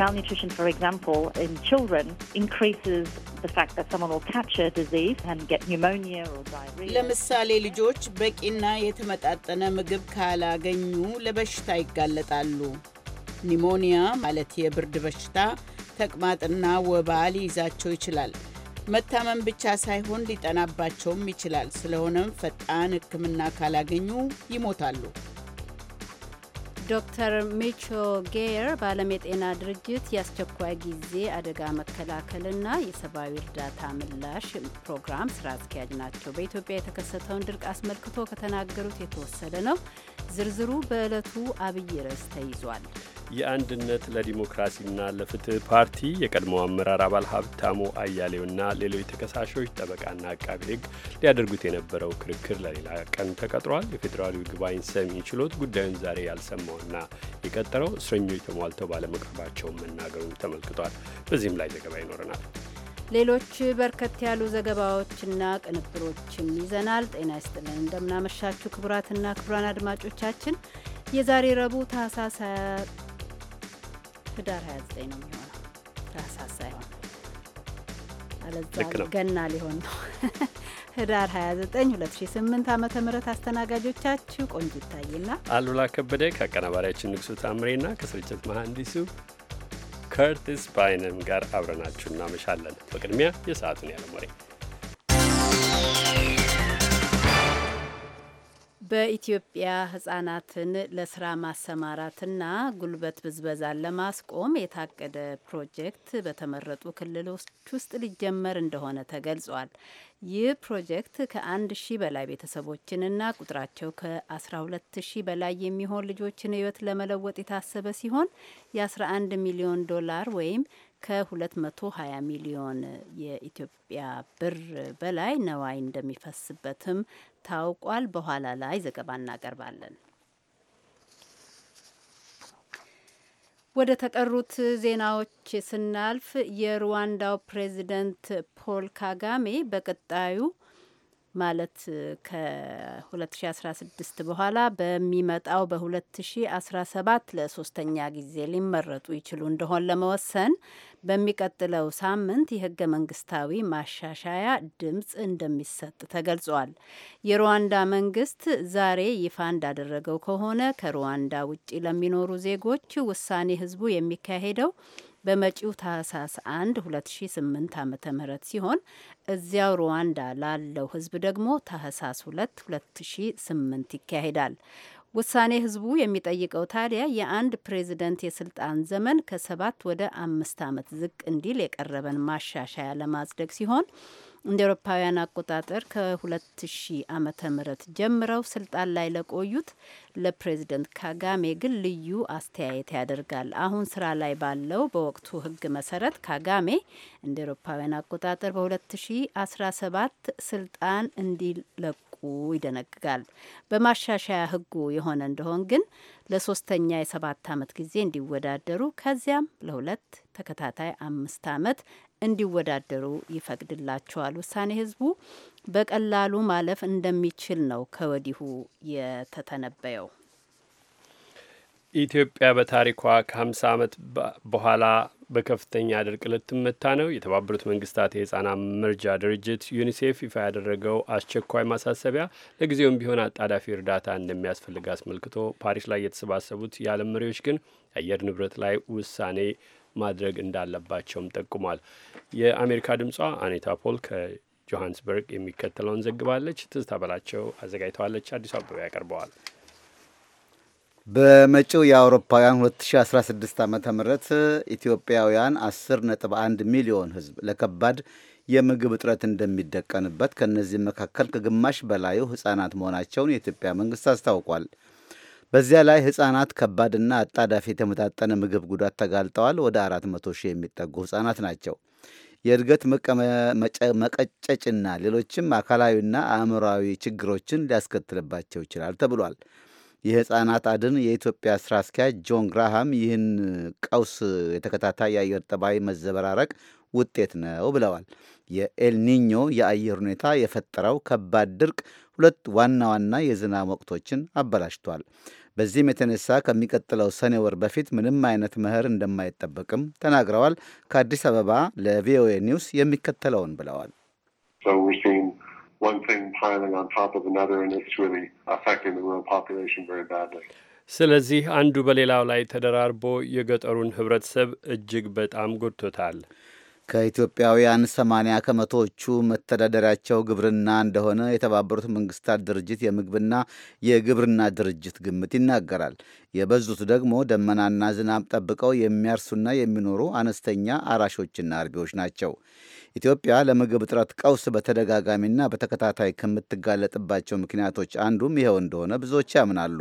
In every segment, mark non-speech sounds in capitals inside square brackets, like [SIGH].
malnutrition, for example, in children increases the fact that someone will catch a disease and get pneumonia or diarrhea. ለምሳሌ ልጆች በቂና የተመጣጠነ ምግብ ካላገኙ ለበሽታ ይጋለጣሉ። ኒሞኒያ ማለት የብርድ በሽታ፣ ተቅማጥና ወባ ሊይዛቸው ይችላል። መታመም ብቻ ሳይሆን ሊጠናባቸውም ይችላል። ስለሆነም ፈጣን ሕክምና ካላገኙ ይሞታሉ። ዶክተር ሚቾ ጌየር በዓለም የጤና ድርጅት የአስቸኳይ ጊዜ አደጋ መከላከልና የሰብአዊ እርዳታ ምላሽ ፕሮግራም ስራ አስኪያጅ ናቸው። በኢትዮጵያ የተከሰተውን ድርቅ አስመልክቶ ከተናገሩት የተወሰደ ነው። ዝርዝሩ በዕለቱ አብይ ርዕስ ተይዟል። የአንድነት ለዲሞክራሲና ለፍትህ ፓርቲ የቀድሞ አመራር አባል ሀብታሙ አያሌውና ሌሎች ተከሳሾች ጠበቃና አቃቢ ህግ ሊያደርጉት የነበረው ክርክር ለሌላ ቀን ተቀጥሯል። የፌዴራሉ ይግባኝ ሰሚ ችሎት ጉዳዩን ዛሬ ያልሰማውና የቀጠረው እስረኞች ተሟልተው ባለመቅረባቸው መናገሩን ተመልክቷል። በዚህም ላይ ዘገባ ይኖረናል። ሌሎች በርከት ያሉ ዘገባዎችና ቅንብሮችን ይዘናል። ጤና ይስጥልን፣ እንደምናመሻችሁ ክቡራትና ክቡራን አድማጮቻችን የዛሬ ረቡዕ ታህሳስ ህዳር 29 ነው የሚሆነው ታህሳስ ሳይሆን አለዛ ገና ሊሆን ነው። [LAUGHS] ህዳር 29 2008 ዓ ምህረት አስተናጋጆቻችሁ ቆንጆ ይታይና አሉላ ከበደ ከአቀናባሪያችን ንግሱ ታምሬና ከስርጭት መሐንዲሱ ከርቲስ ባይነም ጋር አብረናችሁ እናመሻለን። በቅድሚያ የሰዓቱን ያለሞሬ በኢትዮጵያ ህጻናትን ለስራ ማሰማራትና ጉልበት ብዝበዛን ለማስቆም የታቀደ ፕሮጀክት በተመረጡ ክልሎች ውስጥ ሊጀመር እንደሆነ ተገልጿል። ይህ ፕሮጀክት ከአንድ ሺህ በላይ ቤተሰቦችንና ቁጥራቸው ከ12 ሺህ በላይ የሚሆን ልጆችን ህይወት ለመለወጥ የታሰበ ሲሆን የ11 ሚሊዮን ዶላር ወይም ከ220 ሚሊዮን የኢትዮጵያ ብር በላይ ነዋይ እንደሚፈስበትም ታውቋል። በኋላ ላይ ዘገባ እናቀርባለን። ወደ ተቀሩት ዜናዎች ስናልፍ የሩዋንዳው ፕሬዚደንት ፖል ካጋሜ በቀጣዩ ማለት ከ2016 በኋላ በሚመጣው በ2017 ለሶስተኛ ጊዜ ሊመረጡ ይችሉ እንደሆን ለመወሰን በሚቀጥለው ሳምንት የህገ መንግስታዊ ማሻሻያ ድምፅ እንደሚሰጥ ተገልጿል። የሩዋንዳ መንግስት ዛሬ ይፋ እንዳደረገው ከሆነ ከሩዋንዳ ውጪ ለሚኖሩ ዜጎች ውሳኔ ህዝቡ የሚካሄደው በመጪው ታህሳስ 1 2008 ዓ ም ሲሆን እዚያው ሩዋንዳ ላለው ህዝብ ደግሞ ታህሳስ 2 2008 ይካሄዳል። ውሳኔ ህዝቡ የሚጠይቀው ታዲያ የአንድ ፕሬዝደንት የስልጣን ዘመን ከሰባት ወደ አምስት ዓመት ዝቅ እንዲል የቀረበን ማሻሻያ ለማጽደቅ ሲሆን እንደ ኤሮፓውያን አቆጣጠር ከ2000 ዓመተ ምህረት ጀምረው ስልጣን ላይ ለቆዩት ለፕሬዚደንት ካጋሜ ግን ልዩ አስተያየት ያደርጋል። አሁን ስራ ላይ ባለው በወቅቱ ህግ መሰረት ካጋሜ እንደ ኤሮፓውያን አቆጣጠር በ2017 ስልጣን እንዲለቁ ይደነግጋል። በማሻሻያ ህጉ የሆነ እንደሆን ግን ለሶስተኛ የሰባት ዓመት ጊዜ እንዲወዳደሩ ከዚያም ለሁለት ተከታታይ አምስት አመት ። እንዲወዳደሩ ይፈቅድላቸዋል። ውሳኔ ህዝቡ በቀላሉ ማለፍ እንደሚችል ነው ከወዲሁ የተተነበየው። ኢትዮጵያ በታሪኳ ከ50 ዓመት በኋላ በከፍተኛ ድርቅ ልትመታ ነው። የተባበሩት መንግስታት የህጻናት መርጃ ድርጅት ዩኒሴፍ ይፋ ያደረገው አስቸኳይ ማሳሰቢያ ለጊዜውም ቢሆን አጣዳፊ እርዳታ እንደሚያስፈልግ አስመልክቶ ፓሪስ ላይ የተሰባሰቡት የዓለም መሪዎች ግን የአየር ንብረት ላይ ውሳኔ ማድረግ እንዳለባቸውም ጠቁሟል። የአሜሪካ ድምጿ አኔታ ፖል ከጆሃንስበርግ የሚከተለውን ዘግባለች። ትዝታ በላቸው አዘጋጅተዋለች። አዲሱ አበባ ያቀርበዋል። በመጪው የአውሮፓውያን 2016 ዓ ም ኢትዮጵያውያን 10.1 ሚሊዮን ህዝብ ለከባድ የምግብ እጥረት እንደሚደቀንበት ከእነዚህም መካከል ከግማሽ በላዩ ሕፃናት መሆናቸውን የኢትዮጵያ መንግሥት አስታውቋል። በዚያ ላይ ህጻናት ከባድና አጣዳፊ የተመጣጠነ ምግብ ጉዳት ተጋልጠዋል። ወደ 400 ሺህ የሚጠጉ ህጻናት ናቸው። የእድገት መቀጨጭና ሌሎችም አካላዊና አእምራዊ ችግሮችን ሊያስከትልባቸው ይችላል ተብሏል። የህፃናት አድን የኢትዮጵያ ስራ አስኪያጅ ጆን ግራሃም ይህን ቀውስ የተከታታይ የአየር ጠባይ መዘበራረቅ ውጤት ነው ብለዋል። የኤልኒኞ የአየር ሁኔታ የፈጠረው ከባድ ድርቅ ሁለት ዋና ዋና የዝናብ ወቅቶችን አበላሽቷል። በዚህም የተነሳ ከሚቀጥለው ሰኔ ወር በፊት ምንም አይነት መኸር እንደማይጠበቅም ተናግረዋል። ከአዲስ አበባ ለቪኦኤ ኒውስ የሚከተለውን ብለዋል። ስለዚህ አንዱ በሌላው ላይ ተደራርቦ የገጠሩን ህብረተሰብ እጅግ በጣም ጎድቶታል። ከኢትዮጵያውያን 80 ከመቶዎቹ መተዳደሪያቸው ግብርና እንደሆነ የተባበሩት መንግስታት ድርጅት የምግብና የግብርና ድርጅት ግምት ይናገራል። የበዙት ደግሞ ደመናና ዝናብ ጠብቀው የሚያርሱና የሚኖሩ አነስተኛ አራሾችና አርቢዎች ናቸው። ኢትዮጵያ ለምግብ እጥረት ቀውስ በተደጋጋሚና በተከታታይ ከምትጋለጥባቸው ምክንያቶች አንዱም ይኸው እንደሆነ ብዙዎች ያምናሉ።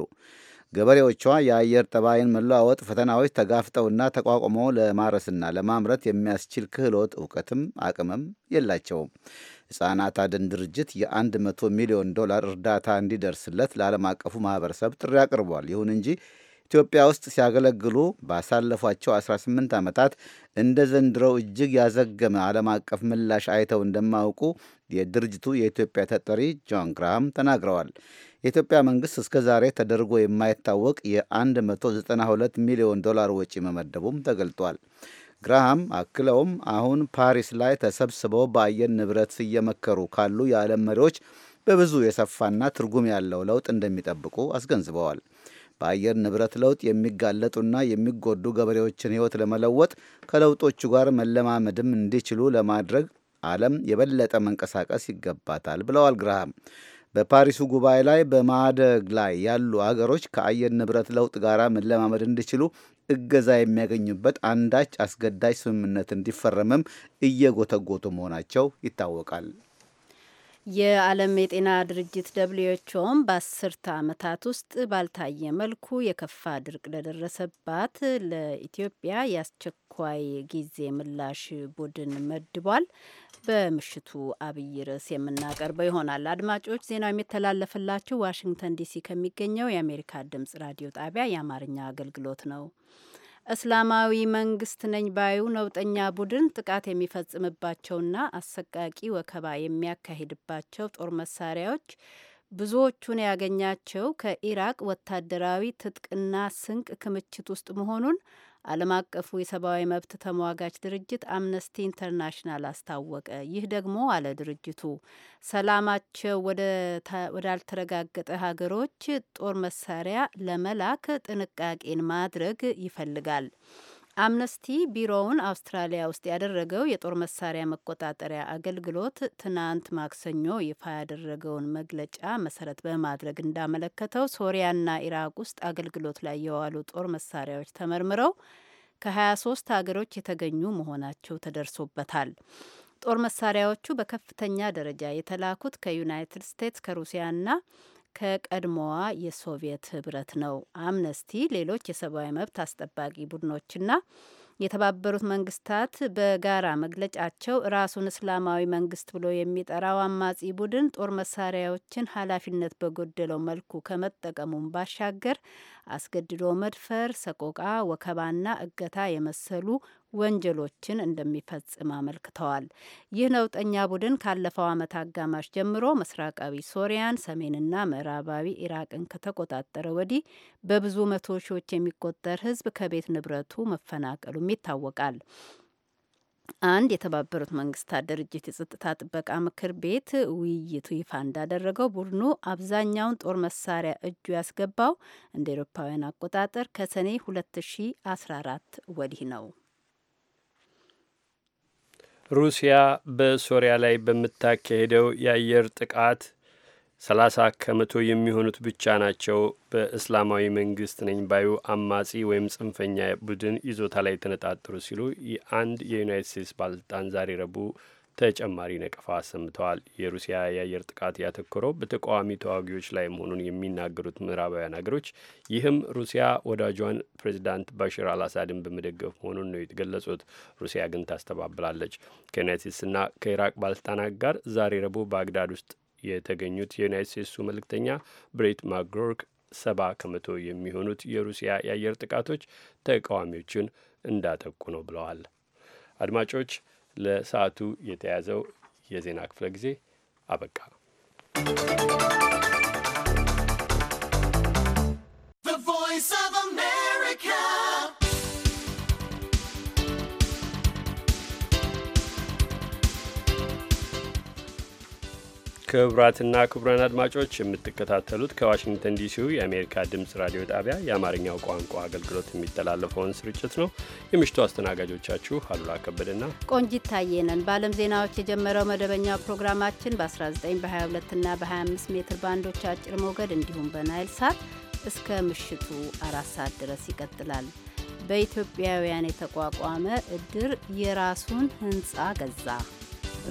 ገበሬዎቿ የአየር ጠባይን መለዋወጥ ፈተናዎች ተጋፍጠውና ተቋቁመው ለማረስና ለማምረት የሚያስችል ክህሎት እውቀትም አቅምም የላቸውም። ሕፃናት አድን ድርጅት የ100 ሚሊዮን ዶላር እርዳታ እንዲደርስለት ለዓለም አቀፉ ማህበረሰብ ጥሪ አቅርቧል። ይሁን እንጂ ኢትዮጵያ ውስጥ ሲያገለግሉ ባሳለፏቸው 18 ዓመታት እንደ ዘንድሮው እጅግ ያዘገመ ዓለም አቀፍ ምላሽ አይተው እንደማያውቁ የድርጅቱ የኢትዮጵያ ተጠሪ ጆን ግራሃም ተናግረዋል። የኢትዮጵያ መንግሥት እስከ ዛሬ ተደርጎ የማይታወቅ የ192 ሚሊዮን ዶላር ወጪ መመደቡም ተገልጧል። ግራሃም አክለውም አሁን ፓሪስ ላይ ተሰብስበው በአየር ንብረት እየመከሩ ካሉ የዓለም መሪዎች በብዙ የሰፋና ትርጉም ያለው ለውጥ እንደሚጠብቁ አስገንዝበዋል። በአየር ንብረት ለውጥ የሚጋለጡና የሚጎዱ ገበሬዎችን ሕይወት ለመለወጥ ከለውጦቹ ጋር መለማመድም እንዲችሉ ለማድረግ ዓለም የበለጠ መንቀሳቀስ ይገባታል ብለዋል ግርሃም። በፓሪሱ ጉባኤ ላይ በማደግ ላይ ያሉ አገሮች ከአየር ንብረት ለውጥ ጋር መለማመድ እንዲችሉ እገዛ የሚያገኙበት አንዳች አስገዳጅ ስምምነት እንዲፈረምም እየጎተጎቱ መሆናቸው ይታወቃል። የዓለም የጤና ድርጅት ደብሊውኤችኦም በአስርተ ዓመታት ውስጥ ባልታየ መልኩ የከፋ ድርቅ ለደረሰባት ለኢትዮጵያ የአስቸኳይ ጊዜ ምላሽ ቡድን መድቧል። በምሽቱ አብይ ርዕስ የምናቀርበው ይሆናል። አድማጮች፣ ዜናው የሚተላለፍላችሁ ዋሽንግተን ዲሲ ከሚገኘው የአሜሪካ ድምጽ ራዲዮ ጣቢያ የአማርኛ አገልግሎት ነው። እስላማዊ መንግስት ነኝ ባዩ ነውጠኛ ቡድን ጥቃት የሚፈጽምባቸውና አሰቃቂ ወከባ የሚያካሂድባቸው ጦር መሳሪያዎች ብዙዎቹን ያገኛቸው ከኢራቅ ወታደራዊ ትጥቅና ስንቅ ክምችት ውስጥ መሆኑን ዓለም አቀፉ የሰብአዊ መብት ተሟጋች ድርጅት አምነስቲ ኢንተርናሽናል አስታወቀ። ይህ ደግሞ አለ ድርጅቱ ሰላማቸው ወዳልተረጋገጠ ሀገሮች ጦር መሳሪያ ለመላክ ጥንቃቄን ማድረግ ይፈልጋል። አምነስቲ ቢሮውን አውስትራሊያ ውስጥ ያደረገው የጦር መሳሪያ መቆጣጠሪያ አገልግሎት ትናንት ማክሰኞ ይፋ ያደረገውን መግለጫ መሰረት በማድረግ እንዳመለከተው ሶሪያና ኢራቅ ውስጥ አገልግሎት ላይ የዋሉ ጦር መሳሪያዎች ተመርምረው ከ23 ሀገሮች የተገኙ መሆናቸው ተደርሶበታል። ጦር መሳሪያዎቹ በከፍተኛ ደረጃ የተላኩት ከዩናይትድ ስቴትስ ከሩሲያና ከቀድሞዋ የሶቪየት ህብረት ነው። አምነስቲ፣ ሌሎች የሰብአዊ መብት አስጠባቂ ቡድኖችና የተባበሩት መንግስታት በጋራ መግለጫቸው ራሱን እስላማዊ መንግስት ብሎ የሚጠራው አማጺ ቡድን ጦር መሳሪያዎችን ኃላፊነት በጎደለው መልኩ ከመጠቀሙም ባሻገር አስገድዶ መድፈር፣ ሰቆቃ፣ ወከባና እገታ የመሰሉ ወንጀሎችን እንደሚፈጽም አመልክተዋል። ይህ ነውጠኛ ቡድን ካለፈው ዓመት አጋማሽ ጀምሮ ምስራቃዊ ሶሪያን፣ ሰሜንና ምዕራባዊ ኢራቅን ከተቆጣጠረ ወዲህ በብዙ መቶ ሺዎች የሚቆጠር ሕዝብ ከቤት ንብረቱ መፈናቀሉም ይታወቃል። አንድ የተባበሩት መንግስታት ድርጅት የጸጥታ ጥበቃ ምክር ቤት ውይይቱ ይፋ እንዳደረገው ቡድኑ አብዛኛውን ጦር መሳሪያ እጁ ያስገባው እንደ ኤሮፓውያን አቆጣጠር ከሰኔ 2014 ወዲህ ነው። ሩሲያ በሶሪያ ላይ በምታካሄደው የአየር ጥቃት ሰላሳ ከመቶ የሚሆኑት ብቻ ናቸው በእስላማዊ መንግስት ነኝ ባዩ አማጺ ወይም ጽንፈኛ ቡድን ይዞታ ላይ የተነጣጠሩ ሲሉ የአንድ የዩናይት ስቴትስ ባለስልጣን ዛሬ ረቡዕ ተጨማሪ ነቀፋ አሰምተዋል። የሩሲያ የአየር ጥቃት ያተኮረው በተቃዋሚ ተዋጊዎች ላይ መሆኑን የሚናገሩት ምዕራባውያን ሀገሮች ይህም ሩሲያ ወዳጇን ፕሬዚዳንት ባሽር አልአሳድን በመደገፍ መሆኑን ነው የተገለጹት። ሩሲያ ግን ታስተባብላለች። ከዩናይትድ ስቴትስና ከኢራቅ ባለስልጣናት ጋር ዛሬ ረቡዕ ባግዳድ ውስጥ የተገኙት የዩናይት ስቴትሱ መልእክተኛ ብሬት ማግሮርክ ሰባ ከመቶ የሚሆኑት የሩሲያ የአየር ጥቃቶች ተቃዋሚዎችን እንዳጠቁ ነው ብለዋል። አድማጮች ለሰዓቱ የተያዘው የዜና ክፍለ ጊዜ አበቃ። ክቡራትና ክቡራን አድማጮች የምትከታተሉት ከዋሽንግተን ዲሲው የአሜሪካ ድምፅ ራዲዮ ጣቢያ የአማርኛው ቋንቋ አገልግሎት የሚተላለፈውን ስርጭት ነው። የምሽቱ አስተናጋጆቻችሁ አሉላ ከበደና ቆንጂት ታየነን። በዓለም ዜናዎች የጀመረው መደበኛ ፕሮግራማችን በ19 በ22ና በ25 ሜትር ባንዶች አጭር ሞገድ እንዲሁም በናይል ሳት እስከ ምሽቱ አራት ሰዓት ድረስ ይቀጥላል። በኢትዮጵያውያን የተቋቋመ እድር የራሱን ህንፃ ገዛ።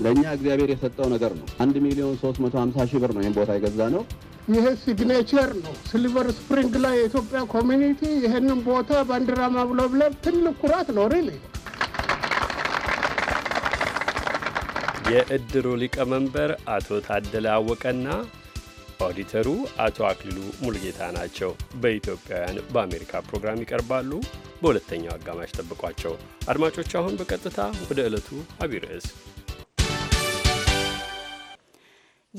ለእኛ እግዚአብሔር የሰጠው ነገር ነው። አንድ ሚሊዮን 350 ሺህ ብር ነው ይህን ቦታ የገዛ ነው። ይህ ሲግኔቸር ነው። ሲልቨር ስፕሪንግ ላይ የኢትዮጵያ ኮሚኒቲ ይህንን ቦታ ባንዲራ ማውለብለብ ትልቅ ኩራት ነው። ሪሊ የእድሩ ሊቀመንበር አቶ ታደለ አወቀና ኦዲተሩ አቶ አክሊሉ ሙልጌታ ናቸው። በኢትዮጵያውያን በአሜሪካ ፕሮግራም ይቀርባሉ። በሁለተኛው አጋማሽ ጠብቋቸው አድማጮች። አሁን በቀጥታ ወደ ዕለቱ አቢይ ርዕስ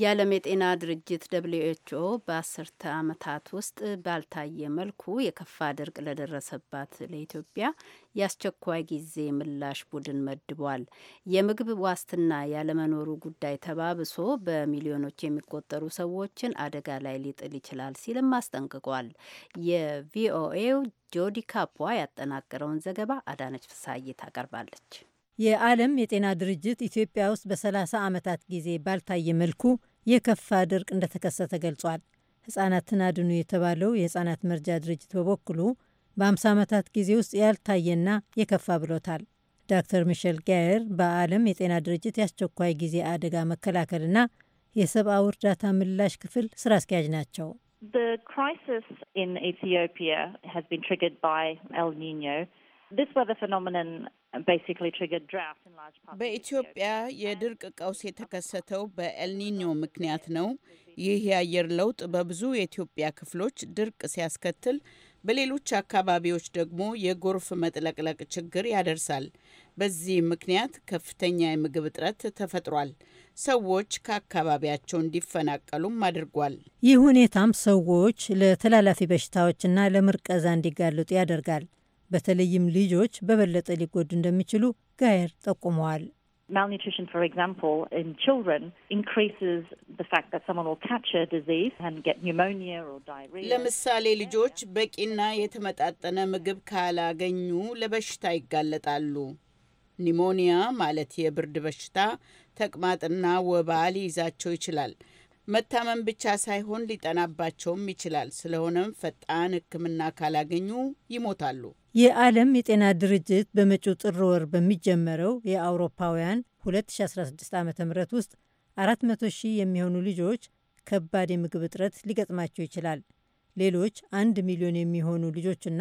የዓለም የጤና ድርጅት ደብልዩ ኤች ኦ በአስርተ ዓመታት ውስጥ ባልታየ መልኩ የከፋ ድርቅ ለደረሰባት ለኢትዮጵያ የአስቸኳይ ጊዜ ምላሽ ቡድን መድቧል። የምግብ ዋስትና ያለመኖሩ ጉዳይ ተባብሶ በሚሊዮኖች የሚቆጠሩ ሰዎችን አደጋ ላይ ሊጥል ይችላል ሲልም አስጠንቅቋል። የቪኦኤው ጆዲ ካፖ ያጠናቀረውን ዘገባ አዳነች ፍሳዬ ታቀርባለች። የዓለም የጤና ድርጅት ኢትዮጵያ ውስጥ በ30 ዓመታት ጊዜ ባልታየ መልኩ የከፋ ድርቅ እንደተከሰተ ገልጿል። ሕፃናትን አድኑ የተባለው የሕፃናት መርጃ ድርጅት በበኩሉ በ50 ዓመታት ጊዜ ውስጥ ያልታየና የከፋ ብሎታል። ዶክተር ሚሸል ጋየር በዓለም የጤና ድርጅት የአስቸኳይ ጊዜ አደጋ መከላከልና የሰብአዊ እርዳታ ምላሽ ክፍል ስራ አስኪያጅ ናቸው። በኢትዮጵያ የድርቅ ቀውስ የተከሰተው በኤልኒኞ ምክንያት ነው። ይህ የአየር ለውጥ በብዙ የኢትዮጵያ ክፍሎች ድርቅ ሲያስከትል፣ በሌሎች አካባቢዎች ደግሞ የጎርፍ መጥለቅለቅ ችግር ያደርሳል። በዚህ ምክንያት ከፍተኛ የምግብ እጥረት ተፈጥሯል። ሰዎች ከአካባቢያቸው እንዲፈናቀሉም አድርጓል። ይህ ሁኔታም ሰዎች ለተላላፊ በሽታዎችና ለምርቀዛ እንዲጋለጡ ያደርጋል። በተለይም ልጆች በበለጠ ሊጎዱ እንደሚችሉ ጋየር ጠቁመዋል። malnutrition, for example, in children increases the fact that someone will catch a disease and get pneumonia or diarrhea. ለምሳሌ ልጆች በቂና የተመጣጠነ ምግብ ካላገኙ ለበሽታ ይጋለጣሉ። ኒሞኒያ ማለት የብርድ በሽታ፣ ተቅማጥና ወባ ሊይዛቸው ይችላል። መታመም ብቻ ሳይሆን ሊጠናባቸውም ይችላል። ስለሆነም ፈጣን ሕክምና ካላገኙ ይሞታሉ። የዓለም የጤና ድርጅት በመጪው ጥር ወር በሚጀመረው የአውሮፓውያን 2016 ዓ ም ውስጥ 400 ሺህ የሚሆኑ ልጆች ከባድ የምግብ እጥረት ሊገጥማቸው ይችላል። ሌሎች አንድ ሚሊዮን የሚሆኑ ልጆችና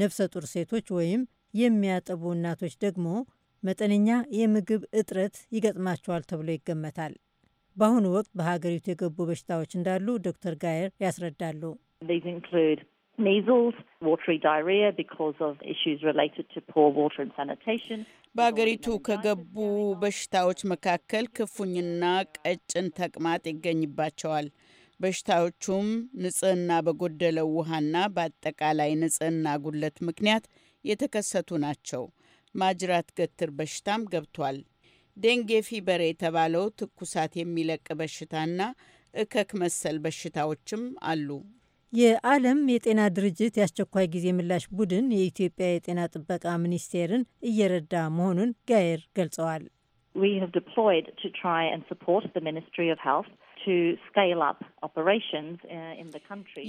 ነፍሰ ጡር ሴቶች ወይም የሚያጠቡ እናቶች ደግሞ መጠነኛ የምግብ እጥረት ይገጥማቸዋል ተብሎ ይገመታል። በአሁኑ ወቅት በሀገሪቱ የገቡ በሽታዎች እንዳሉ ዶክተር ጋየር ያስረዳሉ። በአገሪቱ ከገቡ በሽታዎች መካከል ክፉኝና ቀጭን ተቅማጥ ይገኝባቸዋል። በሽታዎቹም ንጽህና በጎደለው ውሃና በአጠቃላይ ንጽህና ጉድለት ምክንያት የተከሰቱ ናቸው። ማጅራት ገትር በሽታም ገብቷል። ዴንጌ ፊበር የተባለው ትኩሳት የሚለቅ በሽታና እከክ መሰል በሽታዎችም አሉ። የዓለም የጤና ድርጅት የአስቸኳይ ጊዜ ምላሽ ቡድን የኢትዮጵያ የጤና ጥበቃ ሚኒስቴርን እየረዳ መሆኑን ጋየር ገልጸዋል። uh,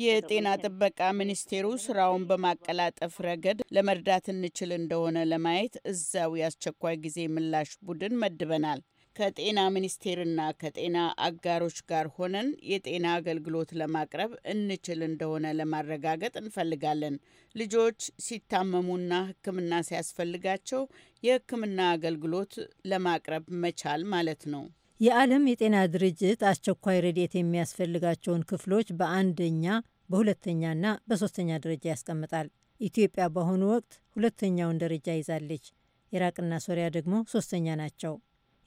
የጤና ጥበቃ ሚኒስቴሩ ስራውን በማቀላጠፍ ረገድ ለመርዳት እንችል እንደሆነ ለማየት እዛው የአስቸኳይ ጊዜ ምላሽ ቡድን መድበናል። ከጤና ሚኒስቴርና ከጤና አጋሮች ጋር ሆነን የጤና አገልግሎት ለማቅረብ እንችል እንደሆነ ለማረጋገጥ እንፈልጋለን። ልጆች ሲታመሙና ሕክምና ሲያስፈልጋቸው የሕክምና አገልግሎት ለማቅረብ መቻል ማለት ነው። የዓለም የጤና ድርጅት አስቸኳይ ረድኤት የሚያስፈልጋቸውን ክፍሎች በአንደኛ በሁለተኛና በሶስተኛ ደረጃ ያስቀምጣል። ኢትዮጵያ በአሁኑ ወቅት ሁለተኛውን ደረጃ ይዛለች። ኢራቅና ሶሪያ ደግሞ ሶስተኛ ናቸው።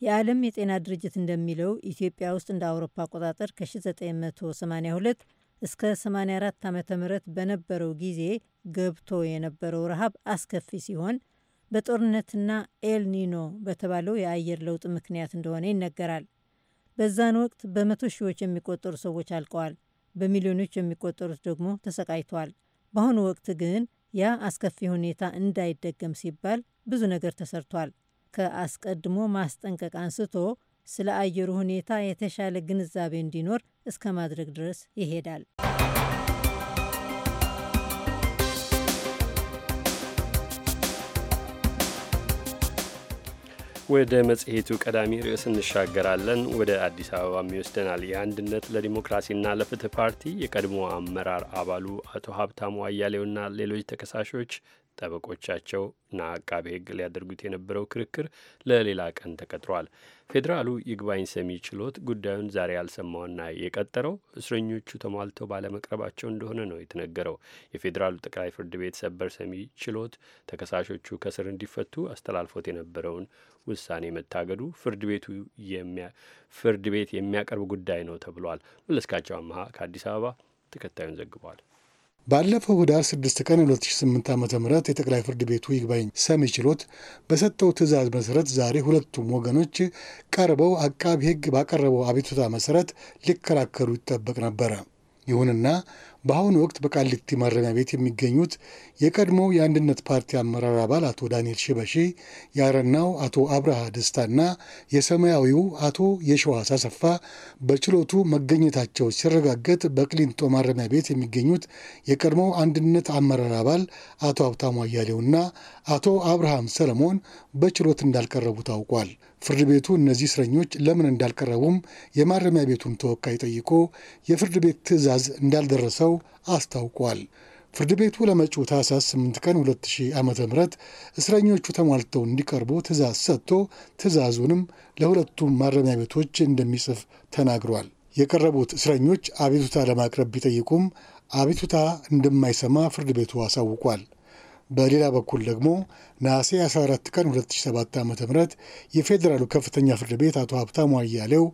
የዓለም የጤና ድርጅት እንደሚለው ኢትዮጵያ ውስጥ እንደ አውሮፓ አቆጣጠር ከ1982 እስከ 84 ዓ ም በነበረው ጊዜ ገብቶ የነበረው ረሃብ አስከፊ ሲሆን በጦርነትና ኤልኒኖ በተባለው የአየር ለውጥ ምክንያት እንደሆነ ይነገራል። በዛን ወቅት በመቶ ሺዎች የሚቆጠሩ ሰዎች አልቀዋል፣ በሚሊዮኖች የሚቆጠሩት ደግሞ ተሰቃይተዋል። በአሁኑ ወቅት ግን ያ አስከፊ ሁኔታ እንዳይደገም ሲባል ብዙ ነገር ተሰርቷል። ከአስቀድሞ ማስጠንቀቅ አንስቶ ስለ አየሩ ሁኔታ የተሻለ ግንዛቤ እንዲኖር እስከ ማድረግ ድረስ ይሄዳል። ወደ መጽሔቱ ቀዳሚ ርዕስ እንሻገራለን። ወደ አዲስ አበባም ይወስደናል። የአንድነት ለዲሞክራሲና ለፍትህ ፓርቲ የቀድሞ አመራር አባሉ አቶ ሀብታሙ አያሌውና ሌሎች ተከሳሾች ጠበቆቻቸውና አቃቤ ሕግ ሊያደርጉት የነበረው ክርክር ለሌላ ቀን ተቀጥሯል። ፌዴራሉ ይግባኝ ሰሚ ችሎት ጉዳዩን ዛሬ ያልሰማውና የቀጠረው እስረኞቹ ተሟልተው ባለመቅረባቸው እንደሆነ ነው የተነገረው። የፌዴራሉ ጠቅላይ ፍርድ ቤት ሰበር ሰሚ ችሎት ተከሳሾቹ ከስር እንዲፈቱ አስተላልፎት የነበረውን ውሳኔ መታገዱ ፍርድ ቤቱ ፍርድ ቤት የሚያቀርብ ጉዳይ ነው ተብሏል። መለስካቸው አመሀ ከአዲስ አበባ ተከታዩን ዘግቧል። ባለፈው ህዳር 6 ቀን 2008 ዓ ም የጠቅላይ ፍርድ ቤቱ ይግባኝ ሰሚ ችሎት በሰጠው ትዕዛዝ መሰረት ዛሬ ሁለቱም ወገኖች ቀርበው አቃቢ ህግ ባቀረበው አቤቱታ መሰረት ሊከራከሩ ይጠበቅ ነበረ። ይሁንና በአሁኑ ወቅት በቃሊቲ ማረሚያ ቤት የሚገኙት የቀድሞው የአንድነት ፓርቲ አመራር አባል አቶ ዳንኤል ሽበሺ፣ የአረናው አቶ አብርሃ ደስታና የሰማያዊው አቶ የሸዋስ አሰፋ በችሎቱ መገኘታቸው ሲረጋገጥ በቅሊንጦ ማረሚያ ቤት የሚገኙት የቀድሞው አንድነት አመራር አባል አቶ ሀብታሙ አያሌውና አቶ አብርሃም ሰለሞን በችሎት እንዳልቀረቡ ታውቋል። ፍርድ ቤቱ እነዚህ እስረኞች ለምን እንዳልቀረቡም የማረሚያ ቤቱን ተወካይ ጠይቆ የፍርድ ቤት ትዕዛዝ እንዳልደረሰው አስታውቋል። ፍርድ ቤቱ ለመጪው ታህሳስ 8 ቀን 2000 ዓ ም እስረኞቹ ተሟልተው እንዲቀርቡ ትዕዛዝ ሰጥቶ ትዕዛዙንም ለሁለቱም ማረሚያ ቤቶች እንደሚጽፍ ተናግሯል። የቀረቡት እስረኞች አቤቱታ ለማቅረብ ቢጠይቁም አቤቱታ እንደማይሰማ ፍርድ ቤቱ አሳውቋል። በሌላ በኩል ደግሞ ነሐሴ 14 ቀን 2007 ዓ ም የፌዴራሉ ከፍተኛ ፍርድ ቤት አቶ ሀብታሙ አያሌው፣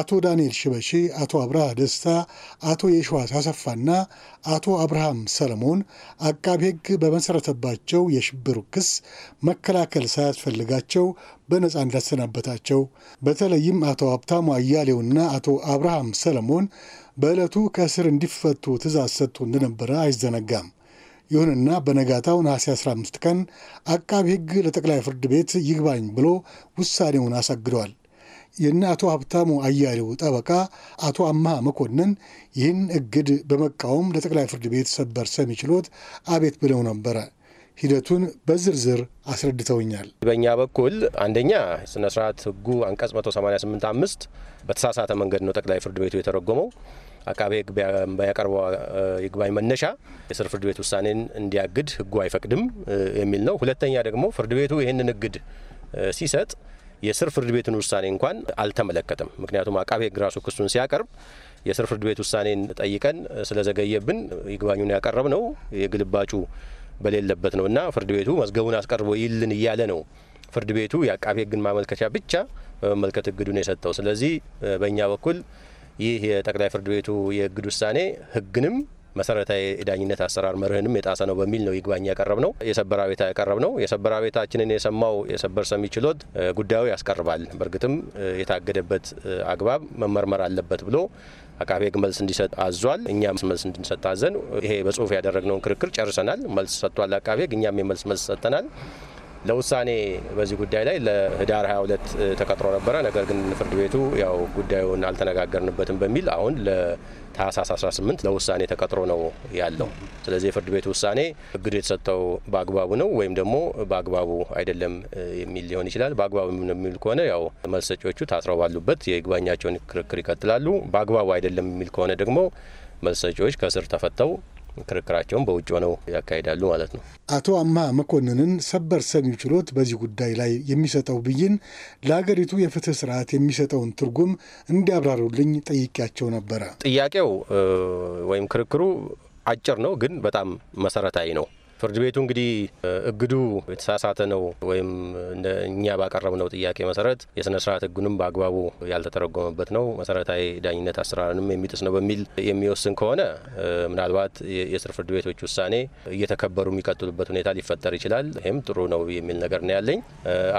አቶ ዳንኤል ሽበሺ፣ አቶ አብርሃ ደስታ፣ አቶ የሸዋስ አሰፋና አቶ አብርሃም ሰለሞን አቃቢ ሕግ በመሠረተባቸው የሽብር ክስ መከላከል ሳያስፈልጋቸው በነፃ እንዳሰናበታቸው በተለይም አቶ ሀብታሙ አያሌውና አቶ አብርሃም ሰለሞን በዕለቱ ከእስር እንዲፈቱ ትእዛዝ ሰጥቶ እንደነበረ አይዘነጋም። ይሁንና በነጋታው ነሐሴ 15 ቀን አቃቢ ሕግ ለጠቅላይ ፍርድ ቤት ይግባኝ ብሎ ውሳኔውን አሳግደዋል። የእነ አቶ ሀብታሙ አያሌው ጠበቃ አቶ አምሃ መኮንን ይህን እግድ በመቃወም ለጠቅላይ ፍርድ ቤት ሰበር ሰሚ ችሎት አቤት ብለው ነበረ። ሂደቱን በዝርዝር አስረድተውኛል። በእኛ በኩል አንደኛ ስነስርዓት ህጉ አንቀጽ 188 አምስት በተሳሳተ መንገድ ነው ጠቅላይ ፍርድ ቤቱ የተረጎመው አቃቤ ሕግ ያቀርበው ይግባኝ መነሻ የስር ፍርድ ቤት ውሳኔን እንዲያግድ ህጉ አይፈቅድም የሚል ነው። ሁለተኛ ደግሞ ፍርድ ቤቱ ይህንን እግድ ሲሰጥ የስር ፍርድ ቤትን ውሳኔ እንኳን አልተመለከተም። ምክንያቱም አቃቤ ሕግ ራሱ ክሱን ሲያቀርብ የስር ፍርድ ቤት ውሳኔን ጠይቀን ስለዘገየብን ይግባኙን ያቀረብ ነው የግልባጩ በሌለበት ነው እና ፍርድ ቤቱ መዝገቡን አስቀርቦ ይልን እያለ ነው ፍርድ ቤቱ የአቃቤ ሕግን ማመልከቻ ብቻ በመመልከት እግዱን የሰጠው። ስለዚህ በእኛ በኩል ይህ የጠቅላይ ፍርድ ቤቱ የእግድ ውሳኔ ህግንም መሰረታዊ የዳኝነት አሰራር መርህንም የጣሰ ነው በሚል ነው ይግባኝ ያቀረብ ነው የሰበራ ቤታ ያቀረብ ነው። የሰበራ ቤታችንን የሰማው የሰበር ሰሚ ችሎት ጉዳዩ ያስቀርባል፣ በእርግጥም የታገደበት አግባብ መመርመር አለበት ብሎ አቃቤ ህግ መልስ እንዲሰጥ አዟል። እኛም መልስ እንድንሰጥ አዘን ይሄ በጽሁፍ ያደረግነውን ክርክር ጨርሰናል። መልስ ሰጥቷል አቃቤ ህግ፣ እኛም የመልስ መልስ ሰጥተናል። ለውሳኔ በዚህ ጉዳይ ላይ ለህዳር 22 ተቀጥሮ ነበረ። ነገር ግን ፍርድ ቤቱ ያው ጉዳዩን አልተነጋገርንበትም በሚል አሁን ለታህሳስ 18 ለውሳኔ ተቀጥሮ ነው ያለው። ስለዚህ የፍርድ ቤቱ ውሳኔ እግድ የተሰጠው በአግባቡ ነው ወይም ደግሞ በአግባቡ አይደለም የሚል ሊሆን ይችላል። በአግባቡ የሚል ከሆነ ያው መልስ ሰጪዎቹ ታስረው ባሉበት የይግባኛቸውን ክርክር ይቀጥላሉ። በአግባቡ አይደለም የሚል ከሆነ ደግሞ መልስ ሰጪዎች ከስር ተፈተው ክርክራቸውን በውጭ ሆነው ያካሄዳሉ ማለት ነው። አቶ አማ መኮንንን ሰበር ሰሚ ችሎት በዚህ ጉዳይ ላይ የሚሰጠው ብይን ለሀገሪቱ የፍትህ ስርዓት የሚሰጠውን ትርጉም እንዲያብራሩልኝ ጠይቄያቸው ነበረ። ጥያቄው ወይም ክርክሩ አጭር ነው፣ ግን በጣም መሰረታዊ ነው። ፍርድ ቤቱ እንግዲህ እግዱ የተሳሳተ ነው ወይም እኛ ባቀረብነው ጥያቄ መሰረት የስነ ስርዓት ህጉንም በአግባቡ ያልተተረጎመበት ነው፣ መሰረታዊ ዳኝነት አሰራርንም የሚጥስ ነው በሚል የሚወስን ከሆነ ምናልባት የስር ፍርድ ቤቶች ውሳኔ እየተከበሩ የሚቀጥሉበት ሁኔታ ሊፈጠር ይችላል። ይህም ጥሩ ነው የሚል ነገር ነው ያለኝ።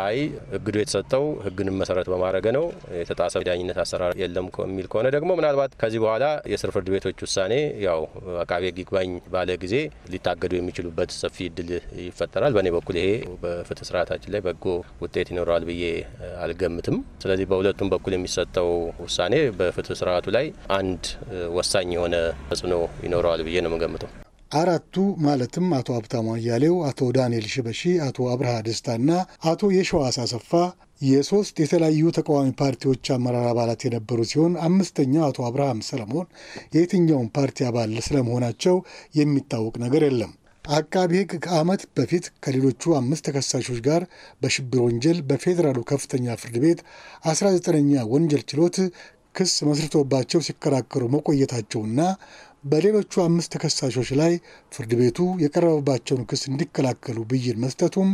አይ እግዱ የተሰጠው ህግንም መሰረት በማድረግ ነው፣ የተጣሰ ዳኝነት አሰራር የለም የሚል ከሆነ ደግሞ ምናልባት ከዚህ በኋላ የስር ፍርድ ቤቶች ውሳኔ ያው አቃቤ ይግባኝ ባለ ጊዜ ሊታገዱ የሚችሉበት ለመራመድ ሰፊ እድል ይፈጠራል። በእኔ በኩል ይሄ በፍትህ ስርዓታችን ላይ በጎ ውጤት ይኖረዋል ብዬ አልገምትም። ስለዚህ በሁለቱም በኩል የሚሰጠው ውሳኔ በፍትህ ስርዓቱ ላይ አንድ ወሳኝ የሆነ ተጽዕኖ ይኖረዋል ብዬ ነው የምገምተው። አራቱ ማለትም አቶ ሀብታሙ አያሌው፣ አቶ ዳንኤል ሽበሺ፣ አቶ አብርሃ ደስታና አቶ የሸዋስ አሰፋ የሶስት የተለያዩ ተቃዋሚ ፓርቲዎች አመራር አባላት የነበሩ ሲሆን አምስተኛው አቶ አብርሃም ሰለሞን የየትኛውን ፓርቲ አባል ስለመሆናቸው የሚታወቅ ነገር የለም። አቃቢ ሕግ ከዓመት በፊት ከሌሎቹ አምስት ተከሳሾች ጋር በሽብር ወንጀል በፌዴራሉ ከፍተኛ ፍርድ ቤት 19ኛ ወንጀል ችሎት ክስ መስርቶባቸው ሲከራከሩ መቆየታቸውና በሌሎቹ አምስት ተከሳሾች ላይ ፍርድ ቤቱ የቀረበባቸውን ክስ እንዲከላከሉ ብይን መስጠቱም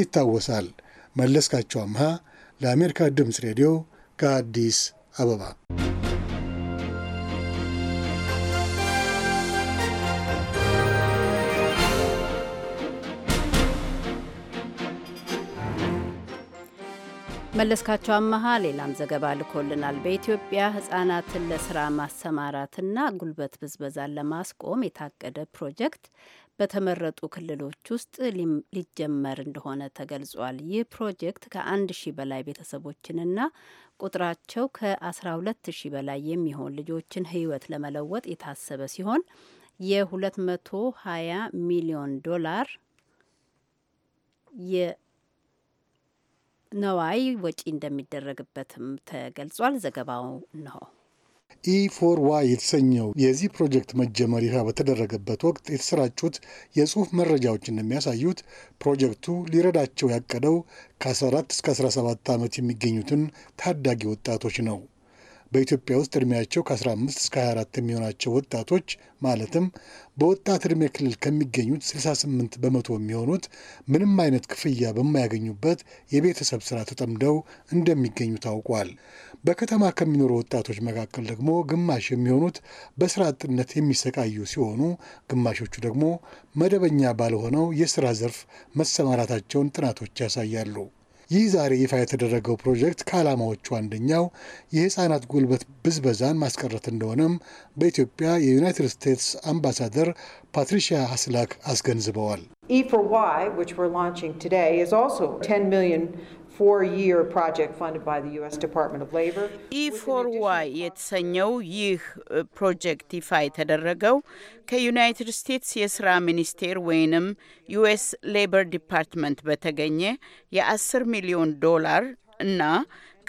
ይታወሳል። መለስካቸው አምሃ ለአሜሪካ ድምፅ ሬዲዮ ከአዲስ አበባ መለስካቸው አመሃ ሌላም ዘገባ ልኮልናል። በኢትዮጵያ ህጻናትን ለስራ ማሰማራትና ጉልበት ብዝበዛን ለማስቆም የታቀደ ፕሮጀክት በተመረጡ ክልሎች ውስጥ ሊጀመር እንደሆነ ተገልጿል። ይህ ፕሮጀክት ከአንድ ሺህ በላይ ቤተሰቦችንና ቁጥራቸው ከ12 ሺህ በላይ የሚሆን ልጆችን ህይወት ለመለወጥ የታሰበ ሲሆን የ220 ሚሊዮን ዶላር ነዋይ ወጪ እንደሚደረግበትም ተገልጿል። ዘገባው ነው ኢፎር ዋይ የተሰኘው የዚህ ፕሮጀክት መጀመር ይፋ በተደረገበት ወቅት የተሰራጩት የጽሁፍ መረጃዎች እንደሚያሳዩት ፕሮጀክቱ ሊረዳቸው ያቀደው ከ14 እስከ 17 ዓመት የሚገኙትን ታዳጊ ወጣቶች ነው። በኢትዮጵያ ውስጥ እድሜያቸው ከ15 እስከ 24 የሚሆናቸው ወጣቶች ማለትም በወጣት እድሜ ክልል ከሚገኙት 68 በመቶ የሚሆኑት ምንም አይነት ክፍያ በማያገኙበት የቤተሰብ ስራ ተጠምደው እንደሚገኙ ታውቋል። በከተማ ከሚኖሩ ወጣቶች መካከል ደግሞ ግማሽ የሚሆኑት በስራ አጥነት የሚሰቃዩ ሲሆኑ፣ ግማሾቹ ደግሞ መደበኛ ባልሆነው የስራ ዘርፍ መሰማራታቸውን ጥናቶች ያሳያሉ። ይህ ዛሬ ይፋ የተደረገው ፕሮጀክት ከዓላማዎቹ አንደኛው የህፃናት ጉልበት ብዝበዛን ማስቀረት እንደሆነም በኢትዮጵያ የዩናይትድ ስቴትስ አምባሳደር ፓትሪሺያ ሀስላክ አስገንዝበዋል። $10 e ኢፎርዋይ የተሰኘው ይህ ፕሮጀክት uh, ይፋ የተደረገው ከዩናይትድ ስቴትስ የስራ ሚኒስቴር ወይንም ዩኤስ ሌበር ዲፓርትመንት በተገኘ የ10 ሚሊዮን ዶላር እና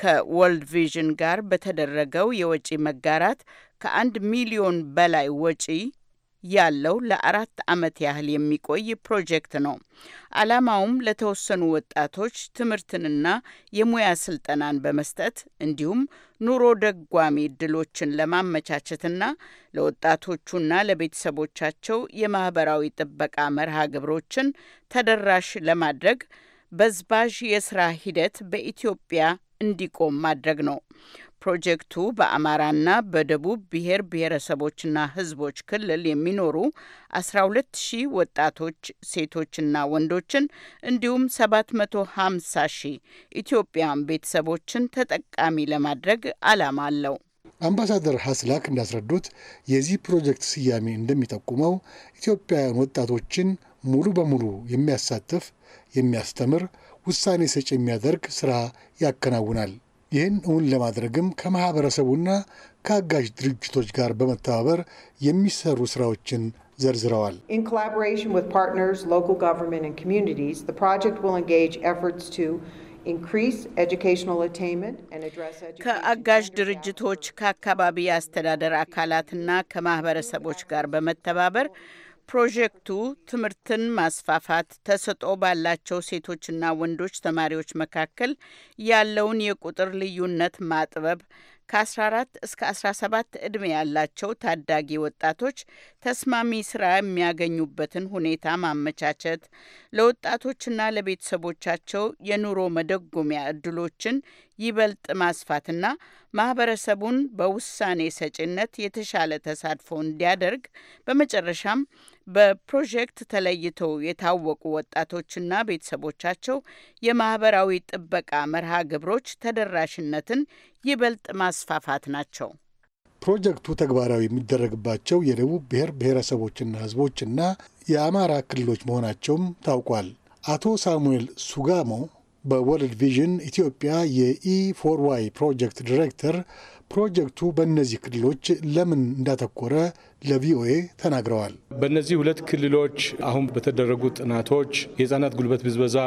ከወርልድ ቪዥን ጋር በተደረገው የወጪ መጋራት ከአንድ ሚሊዮን በላይ ወጪ ያለው ለአራት ዓመት ያህል የሚቆይ ፕሮጀክት ነው። ዓላማውም ለተወሰኑ ወጣቶች ትምህርትንና የሙያ ስልጠናን በመስጠት እንዲሁም ኑሮ ደጓሚ እድሎችን ለማመቻቸትና ለወጣቶቹና ለቤተሰቦቻቸው የማህበራዊ ጥበቃ መርሃ ግብሮችን ተደራሽ ለማድረግ በዝባዥ የስራ ሂደት በኢትዮጵያ እንዲቆም ማድረግ ነው። ፕሮጀክቱ በአማራና በደቡብ ብሔር ብሔረሰቦችና ሕዝቦች ክልል የሚኖሩ 12 ሺህ ወጣቶች ሴቶችና ወንዶችን እንዲሁም 750 ሺህ ኢትዮጵያን ቤተሰቦችን ተጠቃሚ ለማድረግ ዓላማ አለው። አምባሳደር ሀስላክ እንዳስረዱት የዚህ ፕሮጀክት ስያሜ እንደሚጠቁመው ኢትዮጵያውያን ወጣቶችን ሙሉ በሙሉ የሚያሳትፍ የሚያስተምር፣ ውሳኔ ሰጪ የሚያደርግ ስራ ያከናውናል። ይህን እውን ለማድረግም ከማህበረሰቡና ከአጋዥ ድርጅቶች ጋር በመተባበር የሚሰሩ ስራዎችን ዘርዝረዋል። ከአጋዥ ድርጅቶች ከአካባቢ አስተዳደር አካላትና ከማህበረሰቦች ጋር በመተባበር ፕሮጀክቱ ትምህርትን ማስፋፋት፣ ተሰጥኦ ባላቸው ሴቶችና ወንዶች ተማሪዎች መካከል ያለውን የቁጥር ልዩነት ማጥበብ፣ ከ14 እስከ 17 ዕድሜ ያላቸው ታዳጊ ወጣቶች ተስማሚ ስራ የሚያገኙበትን ሁኔታ ማመቻቸት፣ ለወጣቶችና ለቤተሰቦቻቸው የኑሮ መደጎሚያ እድሎችን ይበልጥ ማስፋትና ማህበረሰቡን በውሳኔ ሰጪነት የተሻለ ተሳትፎ እንዲያደርግ በመጨረሻም በፕሮጀክት ተለይተው የታወቁ ወጣቶችና ቤተሰቦቻቸው የማህበራዊ ጥበቃ መርሃ ግብሮች ተደራሽነትን ይበልጥ ማስፋፋት ናቸው። ፕሮጀክቱ ተግባራዊ የሚደረግባቸው የደቡብ ብሔር ብሔረሰቦችና ህዝቦችና የአማራ ክልሎች መሆናቸውም ታውቋል። አቶ ሳሙኤል ሱጋሞ በወርልድ ቪዥን ኢትዮጵያ የኢ ፎር ዋይ ፕሮጀክት ዲሬክተር ፕሮጀክቱ በእነዚህ ክልሎች ለምን እንዳተኮረ ለቪኦኤ ተናግረዋል። በእነዚህ ሁለት ክልሎች አሁን በተደረጉ ጥናቶች የህፃናት ጉልበት ብዝበዛ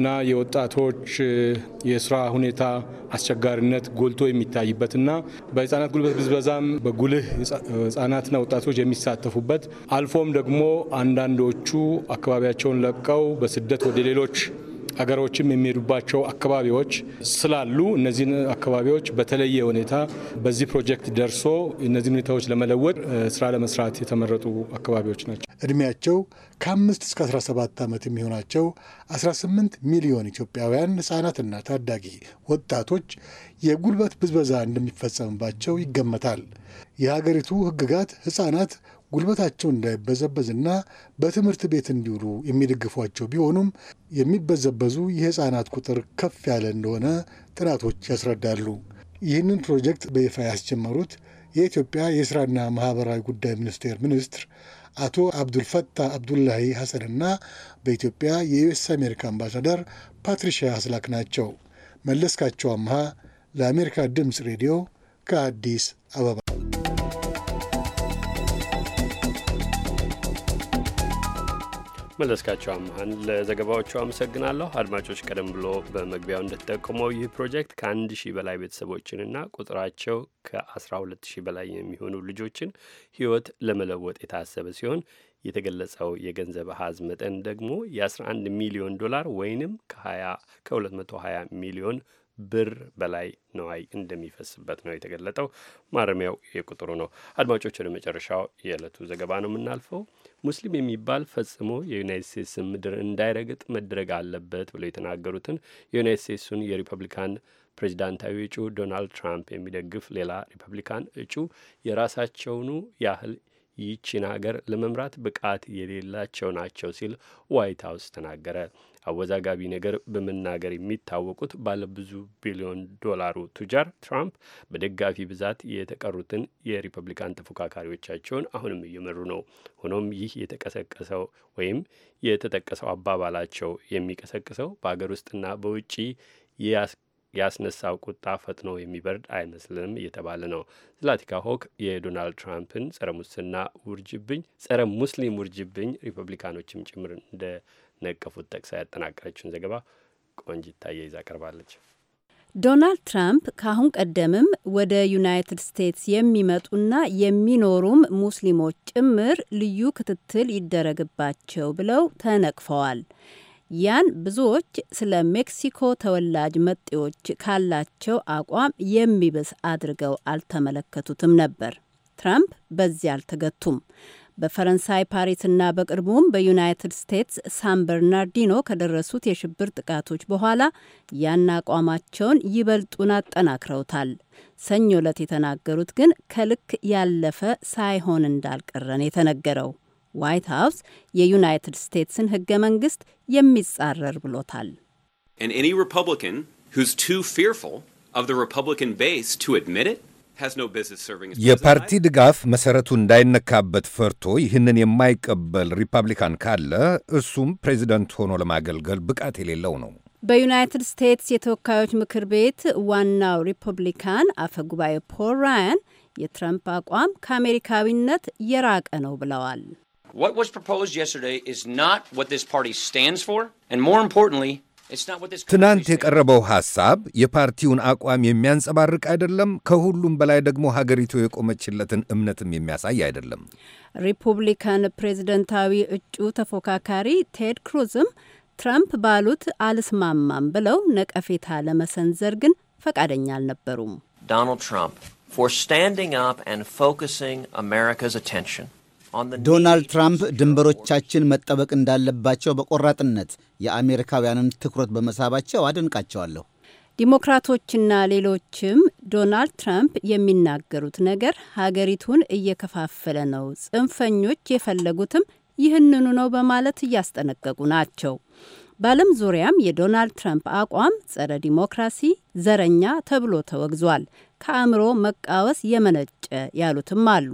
እና የወጣቶች የስራ ሁኔታ አስቸጋሪነት ጎልቶ የሚታይበትና በህፃናት ጉልበት ብዝበዛም በጉልህ ህጻናትና ወጣቶች የሚሳተፉበት አልፎም ደግሞ አንዳንዶቹ አካባቢያቸውን ለቀው በስደት ወደ ሌሎች አገሮችም የሚሄዱባቸው አካባቢዎች ስላሉ እነዚህን አካባቢዎች በተለየ ሁኔታ በዚህ ፕሮጀክት ደርሶ እነዚህን ሁኔታዎች ለመለወጥ ስራ ለመስራት የተመረጡ አካባቢዎች ናቸው። እድሜያቸው ከአምስት እስከ 17 ዓመት የሚሆናቸው 18 ሚሊዮን ኢትዮጵያውያን ህጻናትና ታዳጊ ወጣቶች የጉልበት ብዝበዛ እንደሚፈጸምባቸው ይገመታል። የሀገሪቱ ህግጋት ህጻናት ጉልበታቸው እንዳይበዘበዝና በትምህርት ቤት እንዲውሉ የሚደግፏቸው ቢሆኑም የሚበዘበዙ የሕፃናት ቁጥር ከፍ ያለ እንደሆነ ጥናቶች ያስረዳሉ። ይህንን ፕሮጀክት በይፋ ያስጀመሩት የኢትዮጵያ የስራና ማህበራዊ ጉዳይ ሚኒስቴር ሚኒስትር አቶ አብዱልፈታ አብዱላሂ ሐሰንና በኢትዮጵያ የዩኤስ አሜሪካ አምባሳደር ፓትሪሺያ አስላክ ናቸው። መለስካቸው አምሃ ለአሜሪካ ድምፅ ሬዲዮ ከአዲስ አበባ መለስካቸው አመሀን ለዘገባዎቹ አመሰግናለሁ። አድማጮች፣ ቀደም ብሎ በመግቢያው እንደተጠቆመው ይህ ፕሮጀክት ከአንድ ሺህ በላይ ቤተሰቦችንና ቁጥራቸው ከ12 ሺህ በላይ የሚሆኑ ልጆችን ህይወት ለመለወጥ የታሰበ ሲሆን የተገለጸው የገንዘብ አሃዝ መጠን ደግሞ የ11 ሚሊዮን ዶላር ወይንም ከ220 ሚሊዮን ብር በላይ ነዋይ እንደሚፈስበት ነው የተገለጠው። ማረሚያው የቁጥሩ ነው። አድማጮች፣ ወደ መጨረሻው የዕለቱ ዘገባ ነው የምናልፈው። ሙስሊም የሚባል ፈጽሞ የዩናይት ስቴትስን ምድር እንዳይረግጥ መድረግ አለበት ብለው የተናገሩትን የዩናይት ስቴትሱን የሪፐብሊካን ፕሬዚዳንታዊ እጩ ዶናልድ ትራምፕ የሚደግፍ ሌላ ሪፐብሊካን እጩ የራሳቸውኑ ያህል ይቺን ሀገር ለመምራት ብቃት የሌላቸው ናቸው ሲል ዋይት ሀውስ ተናገረ። አወዛጋቢ ነገር በመናገር የሚታወቁት ባለብዙ ቢሊዮን ዶላሩ ቱጃር ትራምፕ በደጋፊ ብዛት የተቀሩትን የሪፐብሊካን ተፎካካሪዎቻቸውን አሁንም እየመሩ ነው። ሆኖም ይህ የተቀሰቀሰው ወይም የተጠቀሰው አባባላቸው የሚቀሰቅሰው በሀገር ውስጥና በውጭ ያስነሳው ቁጣ ፈጥኖ የሚበርድ አይመስልም እየተባለ ነው። ዝላቲካ ሆክ የዶናልድ ትራምፕን ጸረ ሙስና ውርጅብኝ ጸረ ሙስሊም ውርጅብኝ ሪፐብሊካኖችም ጭምር እንደ ነቀፉት ጠቅሳ ያጠናቀረችውን ዘገባ ቆንጅ ታየ ይዛ ቀርባለች። ዶናልድ ትራምፕ ከአሁን ቀደምም ወደ ዩናይትድ ስቴትስ የሚመጡና የሚኖሩም ሙስሊሞች ጭምር ልዩ ክትትል ይደረግባቸው ብለው ተነቅፈዋል። ያን ብዙዎች ስለ ሜክሲኮ ተወላጅ መጤዎች ካላቸው አቋም የሚብስ አድርገው አልተመለከቱትም ነበር። ትራምፕ በዚያ አልተገቱም። በፈረንሳይ ፓሪስና በቅርቡም በዩናይትድ ስቴትስ ሳን በርናርዲኖ ከደረሱት የሽብር ጥቃቶች በኋላ ያን አቋማቸውን ይበልጡን አጠናክረውታል። ሰኞ ዕለት የተናገሩት ግን ከልክ ያለፈ ሳይሆን እንዳልቀረን የተነገረው ዋይት ሀውስ የዩናይትድ ስቴትስን ህገ መንግስት የሚጻረር ብሎታል። ሪፐብሊካን የፓርቲ ድጋፍ መሰረቱ እንዳይነካበት ፈርቶ ይህንን የማይቀበል ሪፐብሊካን ካለ እሱም ፕሬዚደንት ሆኖ ለማገልገል ብቃት የሌለው ነው። በዩናይትድ ስቴትስ የተወካዮች ምክር ቤት ዋናው ሪፐብሊካን አፈ ጉባኤ ፖል ራያን የትራምፕ አቋም ከአሜሪካዊነት የራቀ ነው ብለዋል። What was proposed yesterday is not what this party stands for, and more importantly, ትናንት የቀረበው ሐሳብ የፓርቲውን አቋም የሚያንጸባርቅ አይደለም። ከሁሉም በላይ ደግሞ ሀገሪቱ የቆመችለትን እምነትም የሚያሳይ አይደለም። ሪፑብሊካን ፕሬዝደንታዊ እጩ ተፎካካሪ ቴድ ክሩዝም ትራምፕ ባሉት አልስማማም ብለው ነቀፌታ ለመሰንዘር ግን ፈቃደኛ አልነበሩም። ዶናልድ ትራምፕ ፎር ስታንዲንግ አፕ and focusing አሜሪካስ አቴንሽን ዶናልድ ትራምፕ ድንበሮቻችን መጠበቅ እንዳለባቸው በቆራጥነት የአሜሪካውያንን ትኩረት በመሳባቸው አደንቃቸዋለሁ። ዲሞክራቶችና ሌሎችም ዶናልድ ትራምፕ የሚናገሩት ነገር ሀገሪቱን እየከፋፈለ ነው፣ ጽንፈኞች የፈለጉትም ይህንኑ ነው በማለት እያስጠነቀቁ ናቸው። በዓለም ዙሪያም የዶናልድ ትራምፕ አቋም ጸረ ዲሞክራሲ፣ ዘረኛ ተብሎ ተወግዟል። ከአእምሮ መቃወስ የመነጨ ያሉትም አሉ።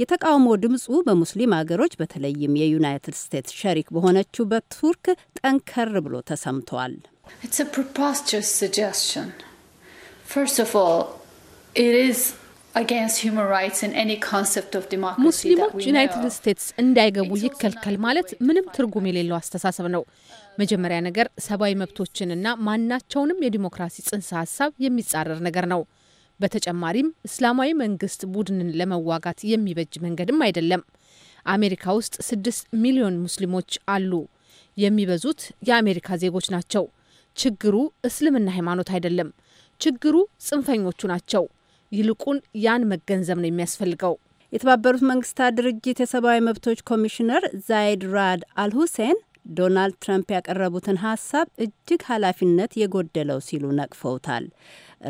የተቃውሞ ድምፁ በሙስሊም አገሮች በተለይም የዩናይትድ ስቴትስ ሸሪክ በሆነችው በቱርክ ጠንከር ብሎ ተሰምቷል። ሙስሊሞች ዩናይትድ ስቴትስ እንዳይገቡ ይከልከል ማለት ምንም ትርጉም የሌለው አስተሳሰብ ነው። መጀመሪያ ነገር ሰብአዊ መብቶችንና ማናቸውንም የዲሞክራሲ ጽንሰ ሀሳብ የሚጻረር ነገር ነው። በተጨማሪም እስላማዊ መንግስት ቡድንን ለመዋጋት የሚበጅ መንገድም አይደለም። አሜሪካ ውስጥ ስድስት ሚሊዮን ሙስሊሞች አሉ። የሚበዙት የአሜሪካ ዜጎች ናቸው። ችግሩ እስልምና ሃይማኖት አይደለም። ችግሩ ጽንፈኞቹ ናቸው። ይልቁን ያን መገንዘብ ነው የሚያስፈልገው። የተባበሩት መንግስታት ድርጅት የሰብአዊ መብቶች ኮሚሽነር ዛይድ ራድ አልሁሴን ዶናልድ ትራምፕ ያቀረቡትን ሀሳብ እጅግ ኃላፊነት የጎደለው ሲሉ ነቅፈውታል።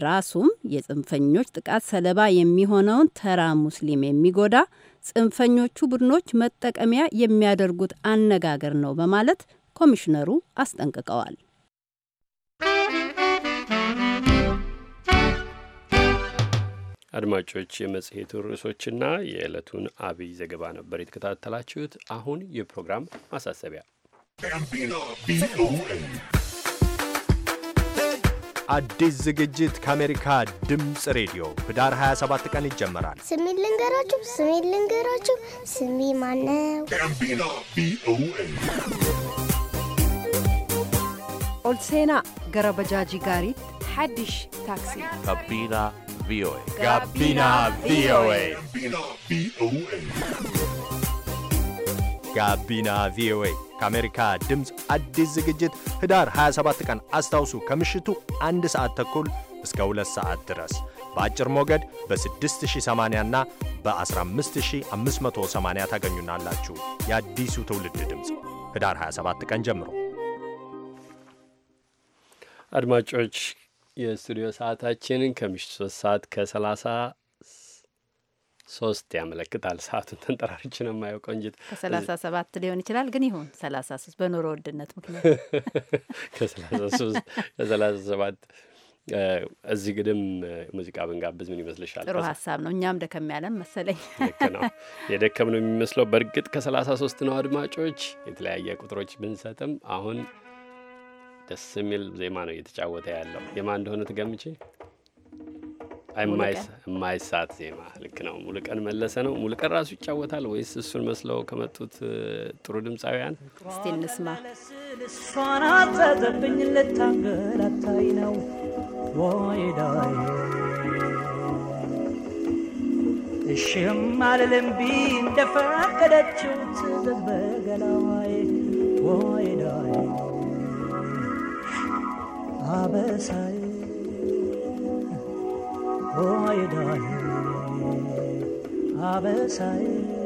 ራሱም የጽንፈኞች ጥቃት ሰለባ የሚሆነውን ተራ ሙስሊም የሚጎዳ ጽንፈኞቹ ቡድኖች መጠቀሚያ የሚያደርጉት አነጋገር ነው በማለት ኮሚሽነሩ አስጠንቅቀዋል። አድማጮች፣ የመጽሔቱ ርዕሶችና የዕለቱን አብይ ዘገባ ነበር የተከታተላችሁት። አሁን የፕሮግራም ማሳሰቢያ አዲስ ዝግጅት ከአሜሪካ ድምፅ ሬዲዮ ህዳር 27 ቀን ይጀመራል። ስሜን ልንገራችሁ፣ ስሜን ልንገራችሁ፣ ስሜ ማነው? ኦልሴና ገረበጃጂ ጋሪት ሓድሽ ታክሲ ጋቢና ቪኦኤ ጋቢና ቪኦኤ ጋቢና ቪኦኤ ከአሜሪካ ድምፅ አዲስ ዝግጅት ህዳር 27 ቀን አስታውሱ። ከምሽቱ አንድ ሰዓት ተኩል እስከ 2 ሰዓት ድረስ በአጭር ሞገድ በ6080 እና በ15580 ታገኙናላችሁ። የአዲሱ ትውልድ ድምፅ ህዳር 27 ቀን ጀምሮ አድማጮች የስቱዲዮ ሰዓታችን ከምሽቱ 3 ሰዓት ከ30 ሶስት ያመለክታል። ሰዓቱን ተንጠራርች ነው የማየው ቆንጅት። ከሰላሳ ሰባት ሊሆን ይችላል ግን ይሁን ሰላሳ ሶስት በኑሮ ውድነት ምክንያት [LAUGHS] ከሰላሳ ሶስት ከሰላሳ ሰባት እዚህ ግድም ሙዚቃ ብንጋብዝ ምን ይመስልሻል? ጥሩ ሀሳብ ነው። እኛም ደከም ያለን መሰለኝ። ልክ ነው፣ የደከም ነው የሚመስለው። በእርግጥ ከሰላሳ ሶስት ነው። አድማጮች የተለያየ ቁጥሮች ብንሰጥም አሁን ደስ የሚል ዜማ ነው እየተጫወተ ያለው። የማን እንደሆነ ትገምቼ የማይሳት ዜማ ልክ ነው። ሙሉቀን መለሰ ነው። ሙሉቀን ራሱ ይጫወታል ወይስ እሱን መስለው ከመጡት ጥሩ ድምፃውያን እስቲ እንስማ። ልታንገላታይ ነው እሽም አልልም ቢ እንደፈቀደችው ትዘዝ በገላዋይ አበሳይ Oh, are you have Abesai. Oh,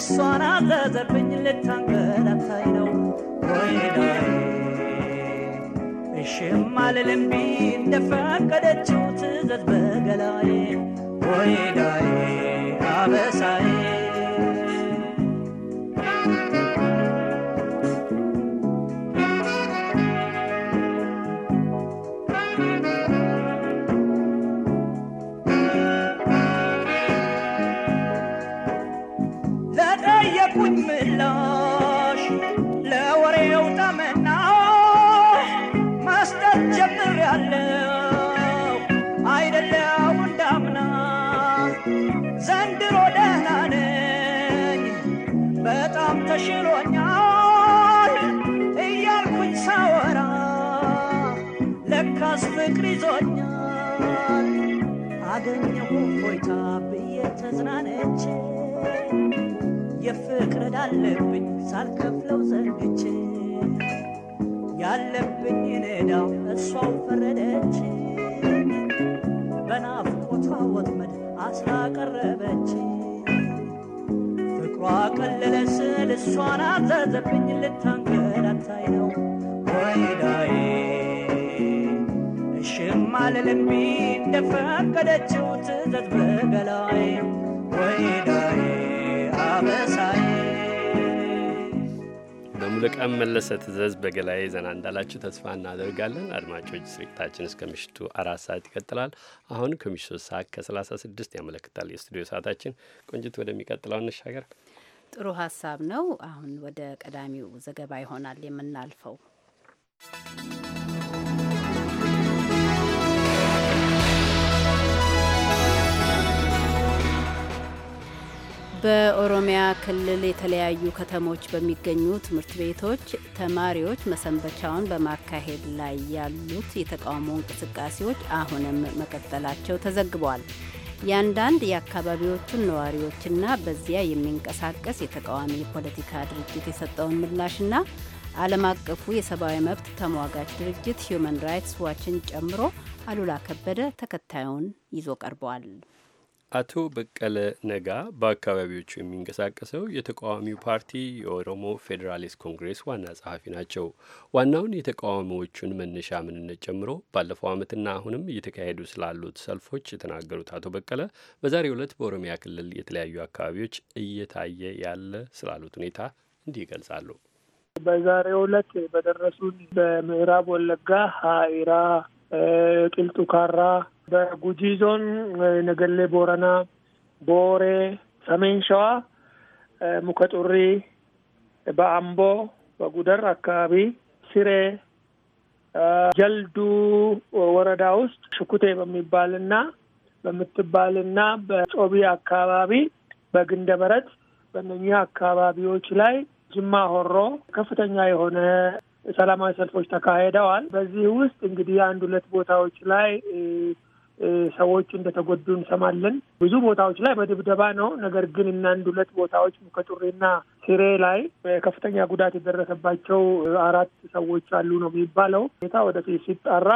son of the አድርሶኛል። አገኘሁ ሆይታ ብዬ ተዝናነች የፍቅር ዳለብኝ ሳልከፍለው ዘንግች ያለብኝ እዳው እሷው ፈረደች በናፍቆቷ ወጥመድ አስራ ቀረበች ፍቅሯ ቀለለ ስል እሷን አዘዘብኝ ልታንገላታይ ነው ወይዳ እሽም አልልቢ እንደፈቀደችው ትዘት በገላይ መለሰ ትእዘዝ በገላይ ዘና እንዳላችሁ ተስፋ እናደርጋለን። አድማጮች ስርጭታችን እስከ ምሽቱ አራት ሰዓት ይቀጥላል። አሁን ከምሽቱ ሰዓት ሰዓት ከሰላሳ ስድስት ያመለክታል የስቱዲዮ ሰዓታችን። ቆንጅት ወደሚቀጥለው እንሻገር። ጥሩ ሀሳብ ነው። አሁን ወደ ቀዳሚው ዘገባ ይሆናል የምናልፈው። በኦሮሚያ ክልል የተለያዩ ከተሞች በሚገኙ ትምህርት ቤቶች ተማሪዎች መሰንበቻውን በማካሄድ ላይ ያሉት የተቃውሞ እንቅስቃሴዎች አሁንም መቀጠላቸው ተዘግቧል። የአንዳንድ የአካባቢዎቹን ነዋሪዎችና በዚያ የሚንቀሳቀስ የተቃዋሚ የፖለቲካ ድርጅት የሰጠውን ምላሽና ዓለም አቀፉ የሰብአዊ መብት ተሟጋች ድርጅት ሂዩማን ራይትስ ዋችን ጨምሮ አሉላ ከበደ ተከታዩን ይዞ ቀርበዋል። አቶ በቀለ ነጋ በአካባቢዎቹ የሚንቀሳቀሰው የተቃዋሚው ፓርቲ የኦሮሞ ፌዴራሊስት ኮንግሬስ ዋና ጸሐፊ ናቸው። ዋናውን የተቃዋሚዎቹን መነሻ ምንነት ጨምሮ ባለፈው ዓመትና አሁንም እየተካሄዱ ስላሉት ሰልፎች የተናገሩት አቶ በቀለ በዛሬው ዕለት በኦሮሚያ ክልል የተለያዩ አካባቢዎች እየታየ ያለ ስላሉት ሁኔታ እንዲህ ይገልጻሉ። በዛሬው ዕለት በደረሱን በምዕራብ ወለጋ ሀኢራ፣ ቂልጡካራ በጉጂ ዞን ነገሌ ቦረና፣ ቦሬ፣ ሰሜን ሸዋ፣ ሙከጡሪ፣ በአምቦ፣ በጉደር አካባቢ፣ ሲሬ፣ ጀልዱ ወረዳ ውስጥ ሽኩቴ በሚባልና በምትባልና በጾቢ አካባቢ በግንደ በረት በእነኚህ አካባቢዎች ላይ ጅማ ሆሮ ከፍተኛ የሆነ ሰላማዊ ሰልፎች ተካሂደዋል። በዚህ ውስጥ እንግዲህ አንድ ሁለት ቦታዎች ላይ ሰዎች እንደተጎዱ እንሰማለን። ብዙ ቦታዎች ላይ በድብደባ ነው። ነገር ግን እና አንድ ሁለት ቦታዎች ሙከጡሬና ሲሬ ላይ ከፍተኛ ጉዳት የደረሰባቸው አራት ሰዎች አሉ ነው የሚባለው። ሁኔታ ወደፊት ሲጣራ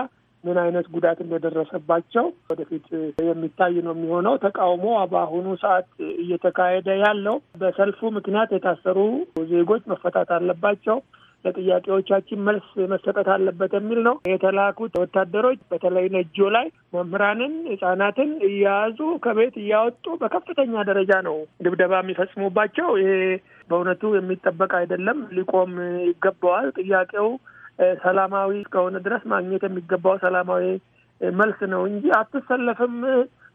ምን አይነት ጉዳት እንደደረሰባቸው ወደፊት የሚታይ ነው የሚሆነው። ተቃውሞ በአሁኑ ሰዓት እየተካሄደ ያለው በሰልፉ ምክንያት የታሰሩ ዜጎች መፈታት አለባቸው። ለጥያቄዎቻችን መልስ መሰጠት አለበት የሚል ነው የተላኩት። ወታደሮች በተለይ ነጆ ላይ መምህራንን፣ ህጻናትን እያያዙ ከቤት እያወጡ በከፍተኛ ደረጃ ነው ድብደባ የሚፈጽሙባቸው። ይሄ በእውነቱ የሚጠበቅ አይደለም፣ ሊቆም ይገባዋል። ጥያቄው ሰላማዊ እስከሆነ ድረስ ማግኘት የሚገባው ሰላማዊ መልስ ነው እንጂ አትሰለፍም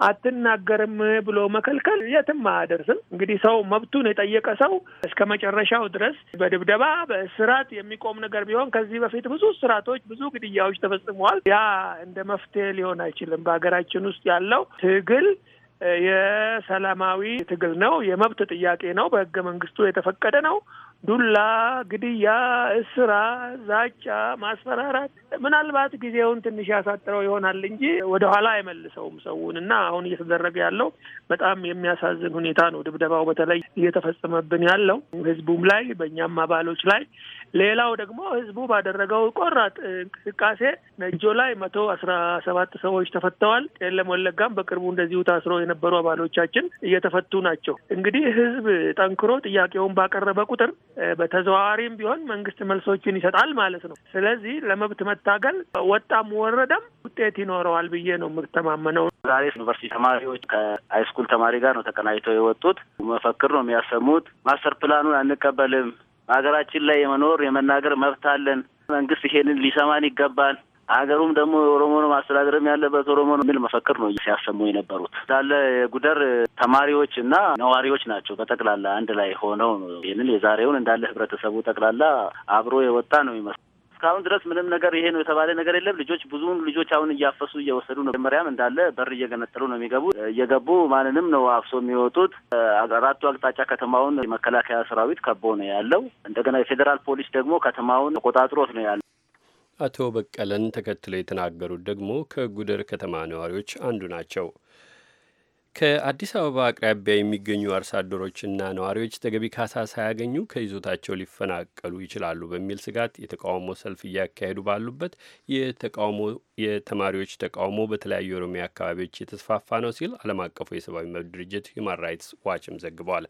አትናገርም ብሎ መከልከል የትም አያደርስም። እንግዲህ ሰው መብቱን የጠየቀ ሰው እስከ መጨረሻው ድረስ በድብደባ በእስራት የሚቆም ነገር ቢሆን ከዚህ በፊት ብዙ እስራቶች፣ ብዙ ግድያዎች ተፈጽመዋል። ያ እንደ መፍትሄ ሊሆን አይችልም። በሀገራችን ውስጥ ያለው ትግል የሰላማዊ ትግል ነው። የመብት ጥያቄ ነው። በህገ መንግስቱ የተፈቀደ ነው። ዱላ፣ ግድያ፣ እስራ፣ ዛቻ፣ ማስፈራራት ምናልባት ጊዜውን ትንሽ ያሳጥረው ይሆናል እንጂ ወደኋላ አይመልሰውም ሰውን እና አሁን እየተደረገ ያለው በጣም የሚያሳዝን ሁኔታ ነው። ድብደባው በተለይ እየተፈጸመብን ያለው ህዝቡም ላይ በእኛም አባሎች ላይ ሌላው ደግሞ ህዝቡ ባደረገው ቆራጥ እንቅስቃሴ ነጆ ላይ መቶ አስራ ሰባት ሰዎች ተፈተዋል። ቄለም ወለጋም በቅርቡ እንደዚሁ ታስሮ የነበሩ አባሎቻችን እየተፈቱ ናቸው። እንግዲህ ህዝብ ጠንክሮ ጥያቄውን ባቀረበ ቁጥር በተዘዋዋሪም ቢሆን መንግስት መልሶችን ይሰጣል ማለት ነው። ስለዚህ ለመብት መታገል ወጣም ወረደም ውጤት ይኖረዋል ብዬ ነው የምተማመነው። ዛሬ ዩኒቨርሲቲ ተማሪዎች ከሃይስኩል ተማሪ ጋር ነው ተቀናጅተው የወጡት። መፈክር ነው የሚያሰሙት። ማስተር ፕላኑን አንቀበልም ሀገራችን ላይ የመኖር የመናገር መብት አለን። መንግስት ይሄንን ሊሰማን ይገባል። ሀገሩም ደግሞ የኦሮሞ ነው ማስተዳደርም ያለበት ኦሮሞ ነው የሚል መፈክር ነው ሲያሰሙ የነበሩት። እንዳለ የጉደር ተማሪዎች እና ነዋሪዎች ናቸው በጠቅላላ አንድ ላይ ሆነው ይህንን የዛሬውን እንዳለ ህብረተሰቡ ጠቅላላ አብሮ የወጣ ነው ይመስል እስካሁን ድረስ ምንም ነገር ይሄ ነው የተባለ ነገር የለም። ልጆች ብዙውን ልጆች አሁን እያፈሱ እየወሰዱ ነው። መጀመሪያም እንዳለ በር እየገነጠሉ ነው የሚገቡ እየገቡ ማንንም ነው አፍሶ የሚወጡት። አራቱ አቅጣጫ ከተማውን የመከላከያ ሰራዊት ከቦ ነው ያለው። እንደገና የፌዴራል ፖሊስ ደግሞ ከተማውን ተቆጣጥሮት ነው ያለው። አቶ በቀለን ተከትለው የተናገሩት ደግሞ ከጉደር ከተማ ነዋሪዎች አንዱ ናቸው። ከአዲስ አበባ አቅራቢያ የሚገኙ አርሶ አደሮችና ነዋሪዎች ተገቢ ካሳ ሳያገኙ ከይዞታቸው ሊፈናቀሉ ይችላሉ በሚል ስጋት የተቃውሞ ሰልፍ እያካሄዱ ባሉበት የተቃውሞ የተማሪዎች ተቃውሞ በተለያዩ የኦሮሚያ አካባቢዎች የተስፋፋ ነው ሲል ዓለም አቀፉ የሰብአዊ መብት ድርጅት ሂማን ራይትስ ዋችም ዘግበዋል።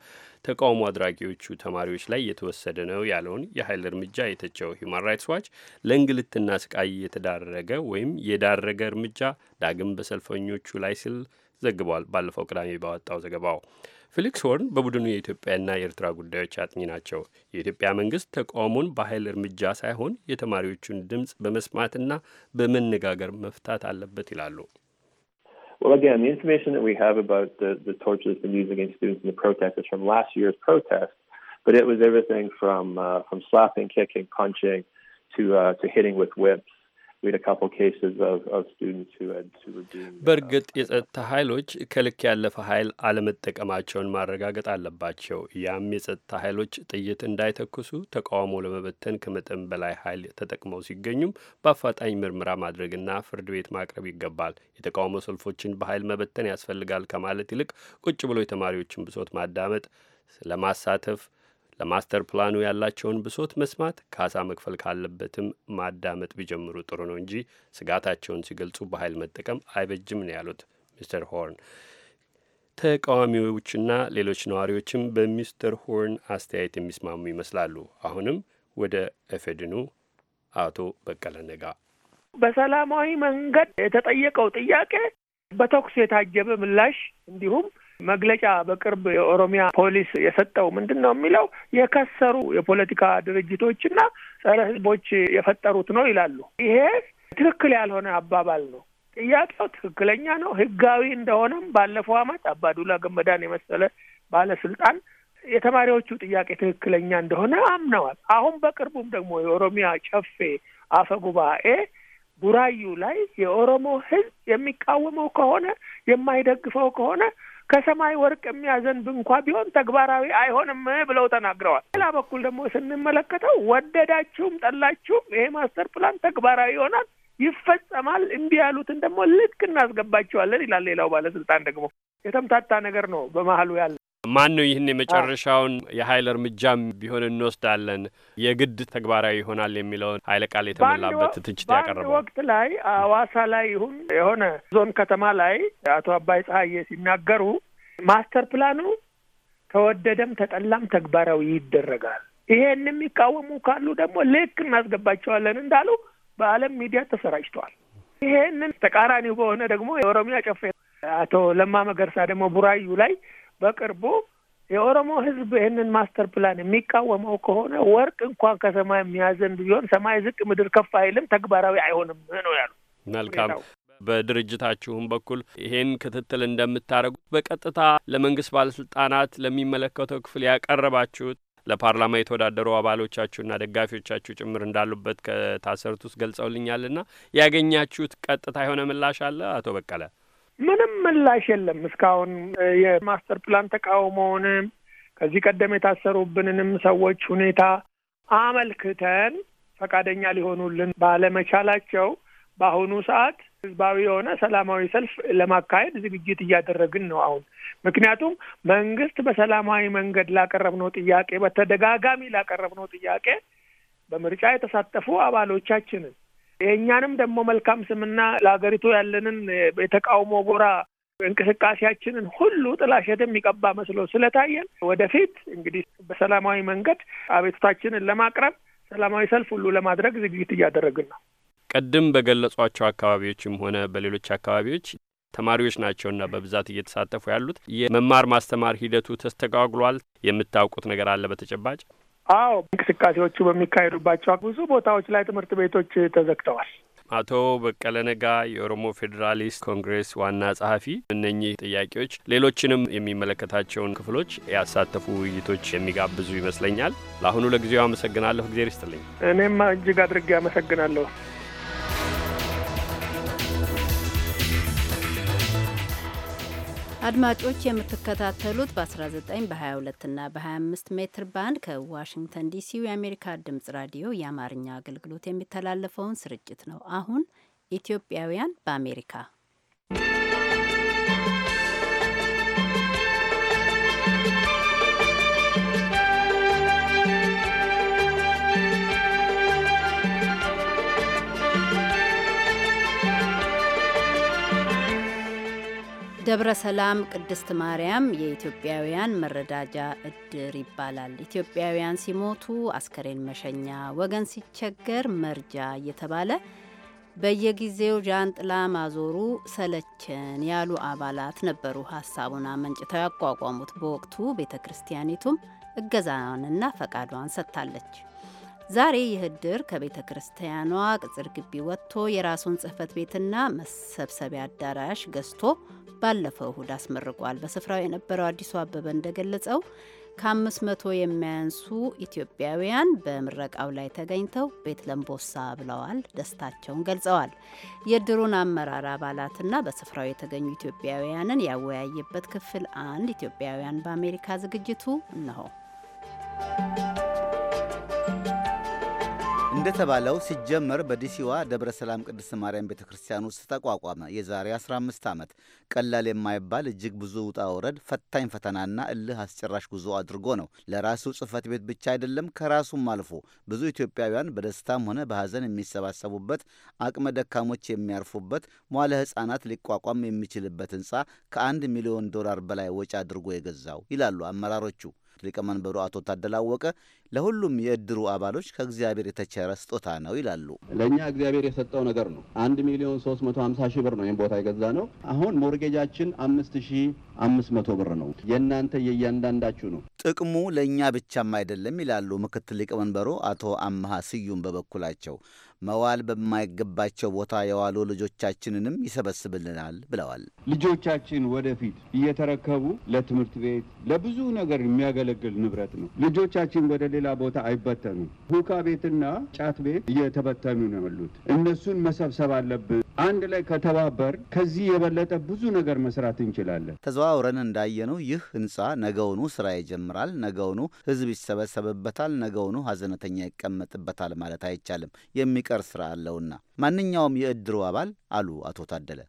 ተቃውሞ አድራጊዎቹ ተማሪዎች ላይ የተወሰደ ነው ያለውን የኃይል እርምጃ የተቸው ሂማን ራይትስ ዋች ለእንግልትና ስቃይ የተዳረገ ወይም የዳረገ እርምጃ ዳግም በሰልፈኞቹ ላይ ሲል ዘግቧል። ባለፈው ቅዳሜ ባወጣው ዘገባው ፌሊክስ ሆርን በቡድኑ የኢትዮጵያና የኤርትራ ጉዳዮች አጥኚ ናቸው። የኢትዮጵያ መንግስት ተቃውሞን በኃይል እርምጃ ሳይሆን የተማሪዎቹን ድምፅ በመስማትና በመነጋገር መፍታት አለበት ይላሉ። Well, again, the information that we have about the, the torture that's been used against students in the protest is from last year's protest, but it was everything from uh, from slapping, kicking, punching, to uh, to hitting with whips. Uh, በእርግጥ የጸጥታ ኃይሎች ከልክ ያለፈ ኃይል አለመጠቀማቸውን ማረጋገጥ አለባቸው። ያም የጸጥታ ኃይሎች ጥይት እንዳይተኩሱ ተቃውሞ ለመበተን ከመጠን በላይ ኃይል ተጠቅመው ሲገኙም በአፋጣኝ ምርመራ ማድረግና ፍርድ ቤት ማቅረብ ይገባል። የተቃውሞ ሰልፎችን በኃይል መበተን ያስፈልጋል ከማለት ይልቅ ቁጭ ብሎ የተማሪዎችን ብሶት ማዳመጥ ስለማሳተፍ ለማስተር ፕላኑ ያላቸውን ብሶት መስማት፣ ካሳ መክፈል ካለበትም ማዳመጥ ቢጀምሩ ጥሩ ነው እንጂ ስጋታቸውን ሲገልጹ በኃይል መጠቀም አይበጅም ነው ያሉት ሚስተር ሆርን። ተቃዋሚዎችና ሌሎች ነዋሪዎችም በሚስተር ሆርን አስተያየት የሚስማሙ ይመስላሉ። አሁንም ወደ ኤፌድኑ አቶ በቀለ ነጋ በሰላማዊ መንገድ የተጠየቀው ጥያቄ በተኩስ የታጀበ ምላሽ እንዲሁም መግለጫ በቅርብ የኦሮሚያ ፖሊስ የሰጠው ምንድን ነው የሚለው የከሰሩ የፖለቲካ ድርጅቶች እና ጸረ ህዝቦች የፈጠሩት ነው ይላሉ። ይሄ ትክክል ያልሆነ አባባል ነው። ጥያቄው ትክክለኛ ነው፣ ህጋዊ እንደሆነም ባለፈው ዓመት አባዱላ ገመዳን የመሰለ ባለስልጣን የተማሪዎቹ ጥያቄ ትክክለኛ እንደሆነ አምነዋል። አሁን በቅርቡም ደግሞ የኦሮሚያ ጨፌ አፈ ጉባኤ ቡራዩ ላይ የኦሮሞ ህዝብ የሚቃወመው ከሆነ የማይደግፈው ከሆነ ከሰማይ ወርቅ የሚያዘንብ እንኳ ቢሆን ተግባራዊ አይሆንም ብለው ተናግረዋል። ሌላ በኩል ደግሞ ስንመለከተው ወደዳችሁም ጠላችሁም ይሄ ማስተር ፕላን ተግባራዊ ይሆናል፣ ይፈጸማል፣ እምቢ ያሉትን ደግሞ ልክ እናስገባቸዋለን ይላል። ሌላው ባለስልጣን ደግሞ የተምታታ ነገር ነው በመሀሉ ያለ ማን ነው ይህን የመጨረሻውን የሀይል እርምጃም ቢሆን እንወስዳለን የግድ ተግባራዊ ይሆናል የሚለውን ኃይለ ቃል የተሞላበት ትችት ያቀረበው ወቅት ላይ አዋሳ ላይ ይሁን የሆነ ዞን ከተማ ላይ አቶ አባይ ጸሀዬ ሲናገሩ ማስተር ፕላኑ ተወደደም ተጠላም ተግባራዊ ይደረጋል። ይሄን የሚቃወሙ ካሉ ደግሞ ልክ እናስገባቸዋለን እንዳሉ በዓለም ሚዲያ ተሰራጭተዋል። ይሄንን ተቃራኒው በሆነ ደግሞ የኦሮሚያ ጨፌ አቶ ለማ መገርሳ ደግሞ ቡራዩ ላይ በቅርቡ የኦሮሞ ህዝብ ይህንን ማስተር ፕላን የሚቃወመው ከሆነ ወርቅ እንኳን ከሰማይ የሚያዘን ቢሆን ሰማይ ዝቅ ምድር ከፍ አይልም፣ ተግባራዊ አይሆንም ነው ያሉ። መልካም። በድርጅታችሁም በኩል ይሄን ክትትል እንደምታደርጉት በቀጥታ ለመንግስት ባለስልጣናት ለሚመለከተው ክፍል ያቀረባችሁት ለፓርላማ የተወዳደሩ አባሎቻችሁና ደጋፊዎቻችሁ ጭምር እንዳሉበት ከታሰሩት ውስጥ ገልጸውልኛልና ያገኛችሁት ቀጥታ የሆነ ምላሽ አለ አቶ በቀለ? ምንም ምላሽ የለም። እስካሁን የማስተር ፕላን ተቃውሞውንም ከዚህ ቀደም የታሰሩብንንም ሰዎች ሁኔታ አመልክተን ፈቃደኛ ሊሆኑልን ባለመቻላቸው በአሁኑ ሰዓት ህዝባዊ የሆነ ሰላማዊ ሰልፍ ለማካሄድ ዝግጅት እያደረግን ነው። አሁን ምክንያቱም መንግስት በሰላማዊ መንገድ ላቀረብነው ጥያቄ፣ በተደጋጋሚ ላቀረብነው ጥያቄ በምርጫ የተሳተፉ አባሎቻችንን የእኛንም ደግሞ መልካም ስምና ለሀገሪቱ ያለንን የተቃውሞ ጎራ እንቅስቃሴያችንን ሁሉ ጥላሸት የሚቀባ መስሎ ስለታየን ወደፊት እንግዲህ በሰላማዊ መንገድ አቤቱታችንን ለማቅረብ ሰላማዊ ሰልፍ ሁሉ ለማድረግ ዝግጅት እያደረግን ነው። ቀድም በገለጿቸው አካባቢዎችም ሆነ በሌሎች አካባቢዎች ተማሪዎች ናቸውና በብዛት እየተሳተፉ ያሉት የመማር ማስተማር ሂደቱ ተስተጓጉሏል። የምታውቁት ነገር አለ በተጨባጭ? አዎ እንቅስቃሴዎቹ በሚካሄዱባቸው ብዙ ቦታዎች ላይ ትምህርት ቤቶች ተዘግተዋል። አቶ በቀለ ነጋ የኦሮሞ ፌዴራሊስት ኮንግሬስ ዋና ጸሐፊ፣ እነኚህ ጥያቄዎች ሌሎችንም የሚመለከታቸውን ክፍሎች ያሳተፉ ውይይቶች የሚጋብዙ ይመስለኛል። ለአሁኑ ለጊዜው አመሰግናለሁ። እግዜር ይስጥልኝ። እኔም እጅግ አድርጌ አመሰግናለሁ። አድማጮች የምትከታተሉት በ19 በ22ና በ25 ሜትር ባንድ ከዋሽንግተን ዲሲ የአሜሪካ ድምጽ ራዲዮ የአማርኛ አገልግሎት የሚተላለፈውን ስርጭት ነው። አሁን ኢትዮጵያውያን በአሜሪካ ደብረ ሰላም ቅድስት ማርያም የኢትዮጵያውያን መረዳጃ እድር ይባላል። ኢትዮጵያውያን ሲሞቱ አስከሬን መሸኛ፣ ወገን ሲቸገር መርጃ እየተባለ በየጊዜው ዣንጥላ ማዞሩ ሰለቸን ያሉ አባላት ነበሩ ሀሳቡን አመንጭተው ያቋቋሙት። በወቅቱ ቤተ ክርስቲያኒቱም እገዛዋንና ፈቃዷን ሰጥታለች። ዛሬ ይህ እድር ከቤተ ክርስቲያኗ ቅጽር ግቢ ወጥቶ የራሱን ጽህፈት ቤትና መሰብሰቢያ አዳራሽ ገዝቶ ባለፈው እሁድ አስመርቋል። በስፍራው የነበረው አዲሱ አበበ እንደገለጸው ከአምስት መቶ የሚያንሱ ኢትዮጵያውያን በምረቃው ላይ ተገኝተው ቤት ለምቦሳ ብለዋል፣ ደስታቸውን ገልጸዋል። የድሩን አመራር አባላትና በስፍራው የተገኙ ኢትዮጵያውያንን ያወያየበት ክፍል አንድ ኢትዮጵያውያን በአሜሪካ ዝግጅቱ እነሆ። እንደተባለው ሲጀመር በዲሲዋ ደብረ ሰላም ቅድስት ማርያም ቤተ ክርስቲያን ውስጥ ተቋቋመ። የዛሬ 15 ዓመት ቀላል የማይባል እጅግ ብዙ ውጣ ውረድ፣ ፈታኝ ፈተናና እልህ አስጨራሽ ጉዞ አድርጎ ነው ለራሱ ጽህፈት ቤት ብቻ አይደለም ከራሱም አልፎ ብዙ ኢትዮጵያውያን በደስታም ሆነ በሐዘን የሚሰባሰቡበት፣ አቅመ ደካሞች የሚያርፉበት፣ ሟለ ሕፃናት ሊቋቋም የሚችልበት ህንፃ ከአንድ ሚሊዮን ዶላር በላይ ወጪ አድርጎ የገዛው ይላሉ አመራሮቹ። ሊቀመንበሩ አቶ ታደላወቀ ለሁሉም የእድሩ አባሎች ከእግዚአብሔር የተቸረ ስጦታ ነው ይላሉ። ለእኛ እግዚአብሔር የሰጠው ነገር ነው። አንድ ሚሊዮን ሶስት መቶ ሀምሳ ሺህ ብር ነው ይህን ቦታ የገዛ ነው። አሁን ሞርጌጃችን አምስት ሺህ አምስት መቶ ብር ነው። የእናንተ የእያንዳንዳችሁ ነው። ጥቅሙ ለእኛ ብቻም አይደለም ይላሉ ምክትል ሊቀመንበሩ አቶ አመሃ ስዩም በበኩላቸው መዋል በማይገባቸው ቦታ የዋሉ ልጆቻችንንም ይሰበስብልናል ብለዋል። ልጆቻችን ወደፊት እየተረከቡ ለትምህርት ቤት ለብዙ ነገር የሚያገለግል ንብረት ነው። ልጆቻችን ወደ ሌላ ቦታ አይበተኑም። ሁካ ቤትና ጫት ቤት እየተበተኑ ነው ያሉት። እነሱን መሰብሰብ አለብን። አንድ ላይ ከተባበር ከዚህ የበለጠ ብዙ ነገር መስራት እንችላለን። ተዘዋውረን እንዳየነው ይህ ህንፃ ነገውኑ ስራ ይጀምራል፣ ነገውኑ ህዝብ ይሰበሰብበታል፣ ነገውኑ ሀዘነተኛ ይቀመጥበታል ማለት አይቻልም። የሚቀር ስራ አለውና ማንኛውም የእድሩ አባል አሉ አቶ ታደለ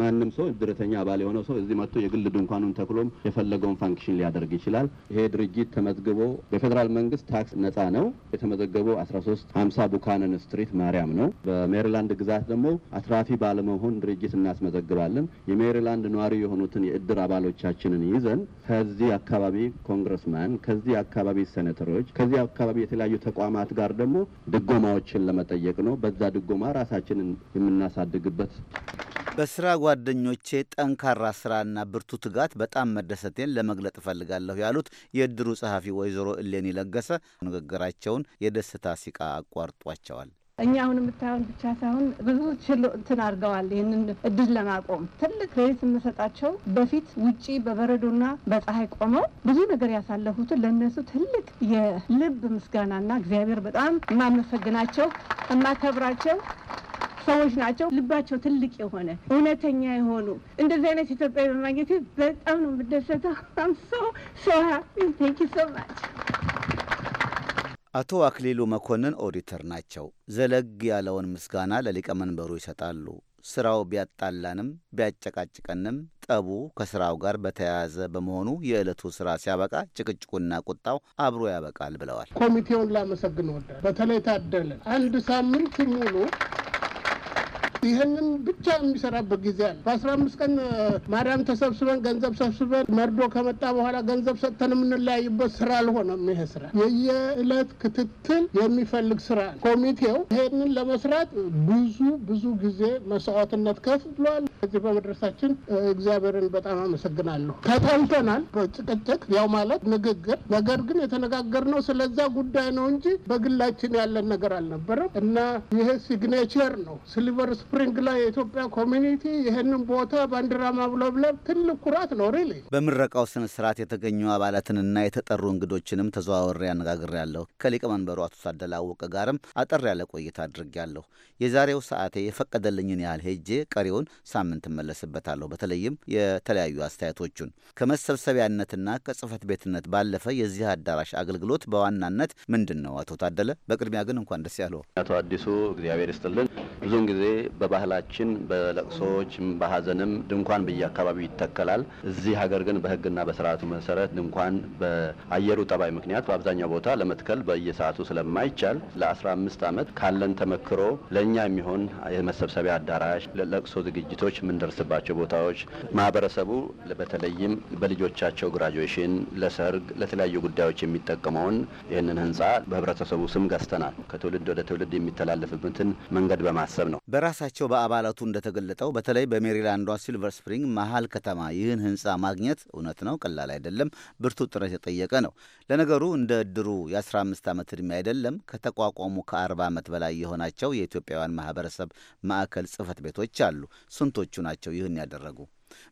ማንም ሰው እድርተኛ አባል የሆነው ሰው እዚህ መጥቶ የግል ድንኳኑን ተክሎም የፈለገውን ፋንክሽን ሊያደርግ ይችላል። ይሄ ድርጅት ተመዝግቦ በፌዴራል መንግስት ታክስ ነጻ ነው። የተመዘገበው 50 ቡካነን ስትሪት ማርያም ነው። በሜሪላንድ ግዛት ደግሞ አትራፊ ባለመሆን ድርጅት እናስመዘግባለን። የሜሪላንድ ነዋሪ የሆኑትን የእድር አባሎቻችንን ይዘን ከዚህ አካባቢ ኮንግረስማን፣ ከዚህ አካባቢ ሴኔተሮች፣ ከዚህ አካባቢ የተለያዩ ተቋማት ጋር ደግሞ ድጎማዎችን ለመጠየቅ ነው። በዛ ድጎማ ራሳችንን የምናሳድግበት በስራ ጓደኞቼ ጠንካራ ስራና ብርቱ ትጋት በጣም መደሰቴን ለመግለጥ እፈልጋለሁ ያሉት የእድሩ ጸሐፊ ወይዘሮ እሌኒ ለገሰ ንግግራቸውን የደስታ ሲቃ አቋርጧቸዋል። እኛ አሁን የምታየውን ብቻ ሳይሆን ብዙ ችሎ እንትን አድርገዋል። ይህንን እድል ለማቆም ትልቅ ክሬዲት የምሰጣቸው በፊት ውጪ በበረዶና በፀሐይ ቆመው ብዙ ነገር ያሳለፉትን ለእነሱ ትልቅ የልብ ምስጋናና እግዚአብሔር በጣም የማመሰግናቸው የማከብራቸው ሰዎች ናቸው። ልባቸው ትልቅ የሆነ እውነተኛ የሆኑ እንደዚህ አይነት ኢትዮጵያዊ በማግኘት በጣም ነው የምደሰተው። ሶ ሶ ቴንክ ዩ ሶ ማች አቶ አክሊሉ መኮንን ኦዲተር ናቸው። ዘለግ ያለውን ምስጋና ለሊቀመንበሩ ይሰጣሉ። ስራው ቢያጣላንም ቢያጨቃጭቀንም ጠቡ ከስራው ጋር በተያያዘ በመሆኑ የዕለቱ ስራ ሲያበቃ ጭቅጭቁና ቁጣው አብሮ ያበቃል ብለዋል። ኮሚቴውን ላመሰግን ወዳል። በተለይ ታደለ አንድ ሳምንት ሙሉ ይህንን ብቻ የሚሰራበት ጊዜ አለ። በአስራ አምስት ቀን ማዳም ተሰብስበን ገንዘብ ሰብስበን መርዶ ከመጣ በኋላ ገንዘብ ሰጥተን የምንለያይበት ስራ አልሆነም። ይሄ ስራ የየዕለት ክትትል የሚፈልግ ስራ ነው። ኮሚቴው ይሄንን ለመስራት ብዙ ብዙ ጊዜ መስዋዕትነት ከፍሏል። እዚህ በመድረሳችን እግዚአብሔርን በጣም አመሰግናለሁ። ተጣልተናል በጭቅጭቅ ያው ማለት ንግግር ነገር ግን የተነጋገርነው ስለዛ ጉዳይ ነው እንጂ በግላችን ያለን ነገር አልነበረም እና ይሄ ሲግኔቸር ነው ሲልቨር ስፕሪንግ ላይ የኢትዮጵያ ኮሚኒቲ ይህንን ቦታ ባንዲራ ማብለብለብ ትልቅ ኩራት ነው። ሪሊ በምረቃው ስነ ስርዓት የተገኙ አባላትንና የተጠሩ እንግዶችንም ተዘዋወሬ አነጋግሬያለሁ። ከሊቀመንበሩ አቶ ሳደላ አወቀ ጋርም አጠር ያለ ቆይታ አድርጌያለሁ። የዛሬው ሰዓቴ የፈቀደልኝን ያህል ሄጄ ቀሪውን ሳምንት እመለስበታለሁ። በተለይም የተለያዩ አስተያየቶቹን ከመሰብሰቢያነትና ከጽህፈት ቤትነት ባለፈ የዚህ አዳራሽ አገልግሎት በዋናነት ምንድን ነው? አቶ ታደለ፣ በቅድሚያ ግን እንኳን ደስ ያለው። አቶ አዲሱ እግዚአብሔር ይስጥልን። ብዙውን ጊዜ በባህላችን በለቅሶዎችም በሀዘንም ድንኳን በየአካባቢው ይተከላል። እዚህ ሀገር ግን በህግና በስርዓቱ መሰረት ድንኳን በአየሩ ጠባይ ምክንያት በአብዛኛው ቦታ ለመትከል በየሰዓቱ ስለማይቻል ለ15 ዓመት ካለን ተመክሮ ለእኛ የሚሆን የመሰብሰቢያ አዳራሽ፣ ለለቅሶ ዝግጅቶች የምንደርስባቸው ቦታዎች ማህበረሰቡ በተለይም በልጆቻቸው ግራጁዌሽን፣ ለሰርግ፣ ለተለያዩ ጉዳዮች የሚጠቀመውን ይህንን ህንጻ በህብረተሰቡ ስም ገዝተናል። ከትውልድ ወደ ትውልድ የሚተላለፍበትን መንገድ በማሰብ ነው። በመግለጫቸው በአባላቱ እንደተገለጠው በተለይ በሜሪላንዷ ሲልቨር ስፕሪንግ መሀል ከተማ ይህን ህንፃ ማግኘት እውነት ነው ቀላል አይደለም፣ ብርቱ ጥረት የጠየቀ ነው። ለነገሩ እንደ እድሩ የ15 ዓመት ዕድሜ አይደለም ከተቋቋሙ ከ40 ዓመት በላይ የሆናቸው የኢትዮጵያውያን ማህበረሰብ ማዕከል ጽህፈት ቤቶች አሉ። ስንቶቹ ናቸው ይህን ያደረጉ?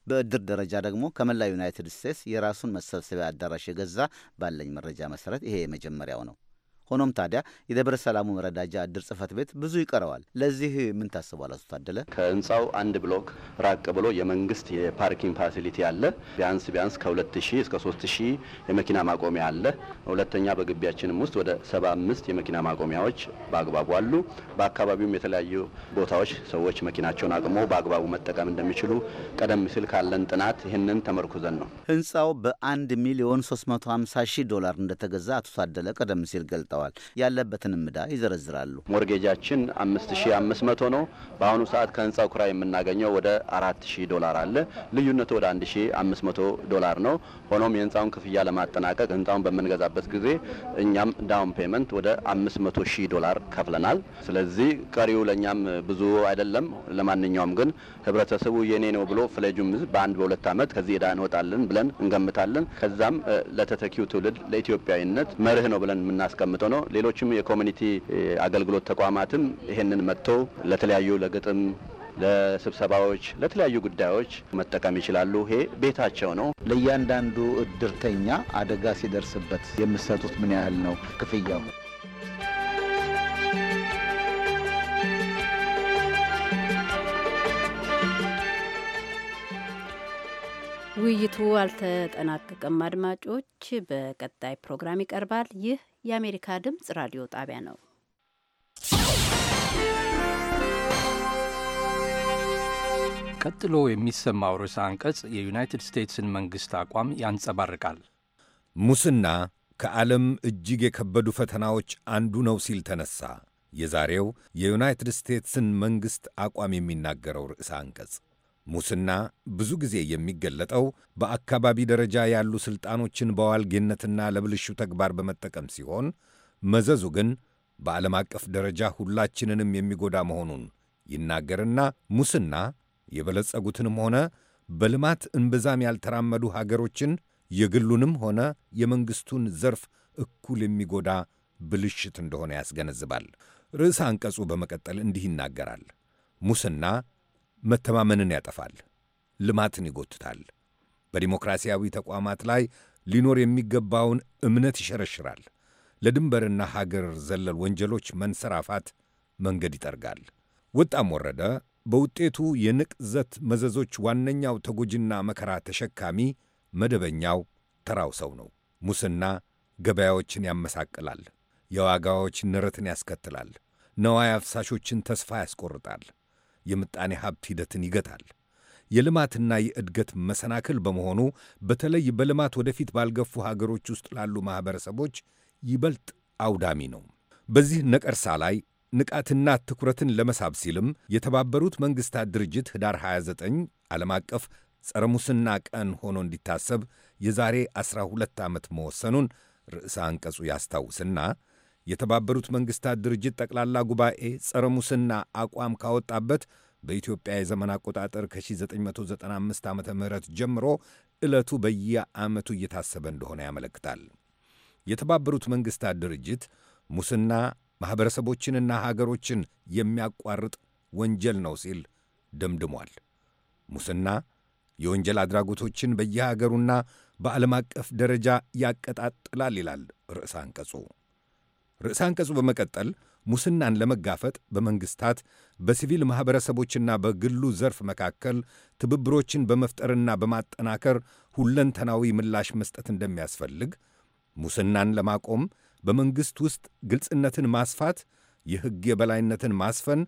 በእድር ደረጃ ደግሞ ከመላ ዩናይትድ ስቴትስ የራሱን መሰብሰቢያ አዳራሽ የገዛ ባለኝ መረጃ መሰረት ይሄ የመጀመሪያው ነው። ሆኖም ታዲያ የደብረ ሰላሙ መረዳጃ እድር ጽህፈት ቤት ብዙ ይቀረዋል። ለዚህ ምን ታስቧል? አቶ ታደለ፣ ከህንፃው አንድ ብሎክ ራቅ ብሎ የመንግስት የፓርኪንግ ፋሲሊቲ አለ። ቢያንስ ቢያንስ ከ2000 እስከ 3000 ሺህ የመኪና ማቆሚያ አለ። ሁለተኛ በግቢያችንም ውስጥ ወደ ሰባ አምስት የመኪና ማቆሚያዎች በአግባቡ አሉ። በአካባቢውም የተለያዩ ቦታዎች ሰዎች መኪናቸውን አቅሞ በአግባቡ መጠቀም እንደሚችሉ ቀደም ሲል ካለን ጥናት ይህንን ተመርኩዘን ነው። ህንፃው በአንድ ሚሊዮን 350 ሺህ ዶላር እንደተገዛ አቶ ታደለ ቀደም ሲል ገልጠዋል። ገልጸዋል። ያለበትንም ዕዳ ይዘረዝራሉ። ሞርጌጃችን አምስት ሺ አምስት መቶ ነው። በአሁኑ ሰዓት ከህንፃው ኩራ የምናገኘው ወደ አራት ሺ ዶላር አለ። ልዩነቱ ወደ አንድ ሺ አምስት መቶ ዶላር ነው። ሆኖም የህንፃውን ክፍያ ለማጠናቀቅ ህንፃውን በምንገዛበት ጊዜ እኛም ዳውን ፔመንት ወደ አምስት መቶ ሺህ ዶላር ከፍለናል። ስለዚህ ቀሪው ለእኛም ብዙ አይደለም። ለማንኛውም ግን ህብረተሰቡ የኔ ነው ብሎ ፍለጁም በአንድ በሁለት ዓመት ከዚህ ዕዳ እንወጣለን ብለን እንገምታለን። ከዛም ለተተኪው ትውልድ ለኢትዮጵያዊነት መርህ ነው ብለን የምናስቀምጠው እየተረጋገጠ ነው። ሌሎችም የኮሚኒቲ አገልግሎት ተቋማትም ይህንን መጥተው ለተለያዩ ለግጥም ለስብሰባዎች ለተለያዩ ጉዳዮች መጠቀም ይችላሉ። ይሄ ቤታቸው ነው። ለእያንዳንዱ እድርተኛ አደጋ ሲደርስበት የምትሰጡት ምን ያህል ነው ክፍያው? ውይይቱ አልተጠናቀቀም። አድማጮች፣ በቀጣይ ፕሮግራም ይቀርባል። ይህ የአሜሪካ ድምፅ ራዲዮ ጣቢያ ነው። ቀጥሎ የሚሰማው ርዕሰ አንቀጽ የዩናይትድ ስቴትስን መንግሥት አቋም ያንጸባርቃል። ሙስና ከዓለም እጅግ የከበዱ ፈተናዎች አንዱ ነው ሲል ተነሳ የዛሬው የዩናይትድ ስቴትስን መንግሥት አቋም የሚናገረው ርዕሰ አንቀጽ ሙስና ብዙ ጊዜ የሚገለጠው በአካባቢ ደረጃ ያሉ ሥልጣኖችን በዋልጌነትና ለብልሹ ተግባር በመጠቀም ሲሆን መዘዙ ግን በዓለም አቀፍ ደረጃ ሁላችንንም የሚጎዳ መሆኑን ይናገርና ሙስና የበለጸጉትንም ሆነ በልማት እምብዛም ያልተራመዱ ሀገሮችን የግሉንም ሆነ የመንግሥቱን ዘርፍ እኩል የሚጎዳ ብልሽት እንደሆነ ያስገነዝባል። ርዕሰ አንቀጹ በመቀጠል እንዲህ ይናገራል። ሙስና መተማመንን ያጠፋል፣ ልማትን ይጎትታል፣ በዲሞክራሲያዊ ተቋማት ላይ ሊኖር የሚገባውን እምነት ይሸረሽራል፣ ለድንበርና ሀገር ዘለል ወንጀሎች መንሰራፋት መንገድ ይጠርጋል። ወጣም ወረደ በውጤቱ የንቅዘት መዘዞች ዋነኛው ተጎጂና መከራ ተሸካሚ መደበኛው ተራው ሰው ነው። ሙስና ገበያዎችን ያመሳቅላል፣ የዋጋዎች ንረትን ያስከትላል፣ ነዋይ አፍሳሾችን ተስፋ ያስቆርጣል፣ የምጣኔ ሀብት ሂደትን ይገታል። የልማትና የእድገት መሰናክል በመሆኑ በተለይ በልማት ወደፊት ባልገፉ ሀገሮች ውስጥ ላሉ ማኅበረሰቦች ይበልጥ አውዳሚ ነው። በዚህ ነቀርሳ ላይ ንቃትና ትኩረትን ለመሳብ ሲልም የተባበሩት መንግሥታት ድርጅት ህዳር 29 ዓለም አቀፍ ጸረ ሙስና ቀን ሆኖ እንዲታሰብ የዛሬ 12 ዓመት መወሰኑን ርዕሰ አንቀጹ ያስታውስና የተባበሩት መንግሥታት ድርጅት ጠቅላላ ጉባኤ ጸረ ሙስና አቋም ካወጣበት በኢትዮጵያ የዘመን አቆጣጠር ከ1995 ዓ ም ጀምሮ ዕለቱ በየዓመቱ እየታሰበ እንደሆነ ያመለክታል። የተባበሩት መንግሥታት ድርጅት ሙስና ማኅበረሰቦችንና ሀገሮችን የሚያቋርጥ ወንጀል ነው ሲል ደምድሟል። ሙስና የወንጀል አድራጎቶችን በየሀገሩና በዓለም አቀፍ ደረጃ ያቀጣጥላል ይላል ርዕሰ አንቀጹ። ርዕሰ አንቀጹ በመቀጠል ሙስናን ለመጋፈጥ በመንግሥታት በሲቪል ማኅበረሰቦችና በግሉ ዘርፍ መካከል ትብብሮችን በመፍጠርና በማጠናከር ሁለንተናዊ ምላሽ መስጠት እንደሚያስፈልግ፣ ሙስናን ለማቆም በመንግሥት ውስጥ ግልጽነትን ማስፋት፣ የሕግ የበላይነትን ማስፈን፣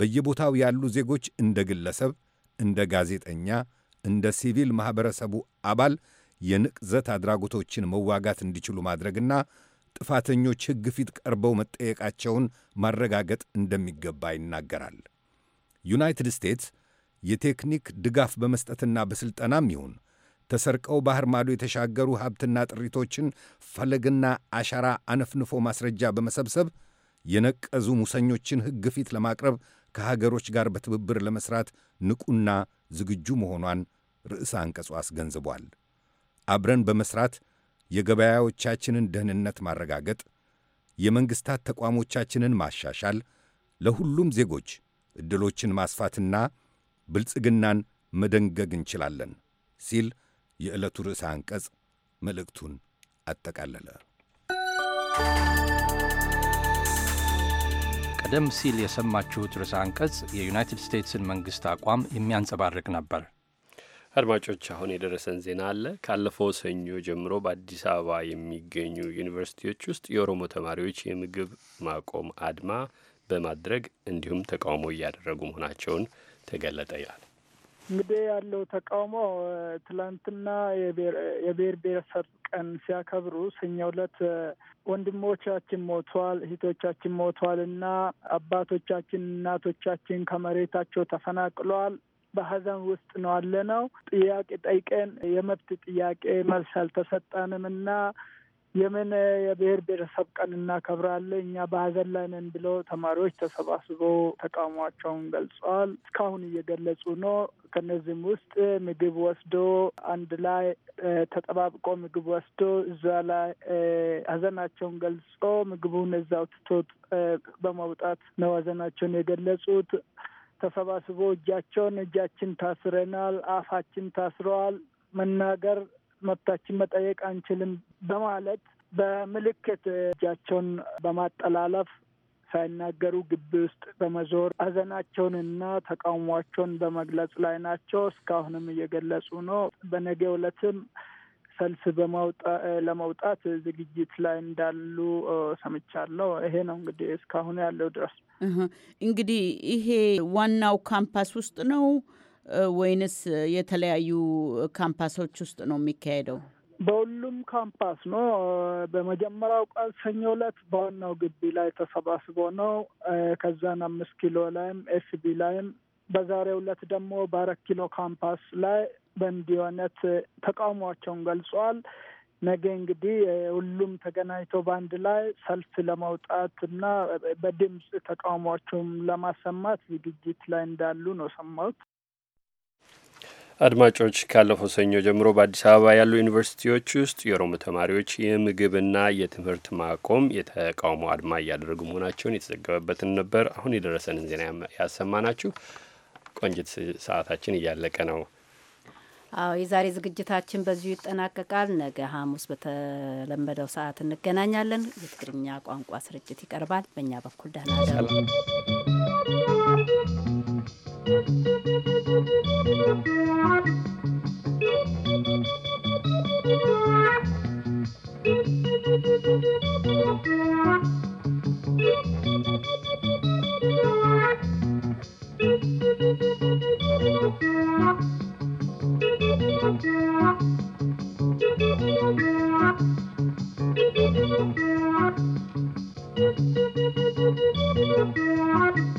በየቦታው ያሉ ዜጎች እንደ ግለሰብ፣ እንደ ጋዜጠኛ፣ እንደ ሲቪል ማኅበረሰቡ አባል የንቅዘት አድራጎቶችን መዋጋት እንዲችሉ ማድረግና ጥፋተኞች ሕግ ፊት ቀርበው መጠየቃቸውን ማረጋገጥ እንደሚገባ ይናገራል። ዩናይትድ ስቴትስ የቴክኒክ ድጋፍ በመስጠትና በሥልጠናም ይሁን ተሰርቀው ባህር ማዶ የተሻገሩ ሀብትና ጥሪቶችን ፈለግና አሻራ አነፍንፎ ማስረጃ በመሰብሰብ የነቀዙ ሙሰኞችን ሕግ ፊት ለማቅረብ ከሀገሮች ጋር በትብብር ለመሥራት ንቁና ዝግጁ መሆኗን ርዕሰ አንቀጹ አስገንዝቧል። አብረን በመሥራት የገበያዎቻችንን ደህንነት ማረጋገጥ፣ የመንግሥታት ተቋሞቻችንን ማሻሻል፣ ለሁሉም ዜጎች ዕድሎችን ማስፋትና ብልጽግናን መደንገግ እንችላለን ሲል የዕለቱ ርዕሰ አንቀጽ መልእክቱን አጠቃለለ። ቀደም ሲል የሰማችሁት ርዕሰ አንቀጽ የዩናይትድ ስቴትስን መንግሥት አቋም የሚያንጸባርቅ ነበር። አድማጮች አሁን የደረሰን ዜና አለ። ካለፈው ሰኞ ጀምሮ በአዲስ አበባ የሚገኙ ዩኒቨርሲቲዎች ውስጥ የኦሮሞ ተማሪዎች የምግብ ማቆም አድማ በማድረግ እንዲሁም ተቃውሞ እያደረጉ መሆናቸውን ተገለጠ ይላል። እንግዲህ ያለው ተቃውሞ ትላንትና የብሔር ብሔረሰብ ቀን ሲያከብሩ ሰኞ ዕለት ወንድሞቻችን ሞቷል፣ እህቶቻችን ሞቷል እና አባቶቻችን እናቶቻችን ከመሬታቸው ተፈናቅለዋል በሀዘን ውስጥ ነው አለ ነው። ጥያቄ ጠይቀን የመብት ጥያቄ መልስ አልተሰጠንም እና የምን የብሔር ብሔረሰብ ቀን እናከብራለን እኛ በሀዘን ላይ ነን ብለው ተማሪዎች ተሰባስበው ተቃውሟቸውን ገልጸዋል። እስካሁን እየገለጹ ነው። ከነዚህም ውስጥ ምግብ ወስዶ አንድ ላይ ተጠባብቆ ምግብ ወስዶ እዛ ላይ ሀዘናቸውን ገልጾ ምግቡን እዛው ትቶ በማውጣት ነው ሀዘናቸውን የገለጹት። ተሰባስቦ እጃቸውን እጃችን ታስረናል፣ አፋችን ታስረዋል፣ መናገር መብታችን መጠየቅ አንችልም በማለት በምልክት እጃቸውን በማጠላለፍ ሳይናገሩ ግቢ ውስጥ በመዞር ሀዘናቸውንና ተቃውሟቸውን በመግለጽ ላይ ናቸው። እስካሁንም እየገለጹ ነው። በነገ ዕለትም ሰልፍ በማውጣ ለመውጣት ዝግጅት ላይ እንዳሉ ሰምቻለሁ። ይሄ ነው እንግዲህ እስካሁን ያለው ድረስ። እንግዲህ ይሄ ዋናው ካምፓስ ውስጥ ነው ወይንስ የተለያዩ ካምፓሶች ውስጥ ነው የሚካሄደው? በሁሉም ካምፓስ ነው። በመጀመሪያው ቀን ሰኞ ዕለት በዋናው ግቢ ላይ ተሰባስቦ ነው። ከዛን አምስት ኪሎ ላይም ኤስቢ ላይም በዛሬው ዕለት ደግሞ በአራት ኪሎ ካምፓስ ላይ በእንዲህ ተቃውሟቸውን ገልጿል። ነገ እንግዲህ ሁሉም ተገናኝቶ በአንድ ላይ ሰልፍ ለማውጣት እና በድምፅ ተቃውሟቸውን ለማሰማት ዝግጅት ላይ እንዳሉ ነው ሰማሁት። አድማጮች ካለፈው ሰኞ ጀምሮ በአዲስ አበባ ያሉ ዩኒቨርሲቲዎች ውስጥ የኦሮሞ ተማሪዎች የምግብና የትምህርት ማቆም የተቃውሞ አድማ እያደረጉ መሆናቸውን የተዘገበበትን ነበር። አሁን የደረሰንን ዜና ያሰማናችሁ። ቆንጅት፣ ሰዓታችን እያለቀ ነው። አዎ የዛሬ ዝግጅታችን በዚሁ ይጠናቀቃል። ነገ ሐሙስ በተለመደው ሰዓት እንገናኛለን። የትግርኛ ቋንቋ ስርጭት ይቀርባል። በእኛ በኩል ደህና ደሩ Thank you.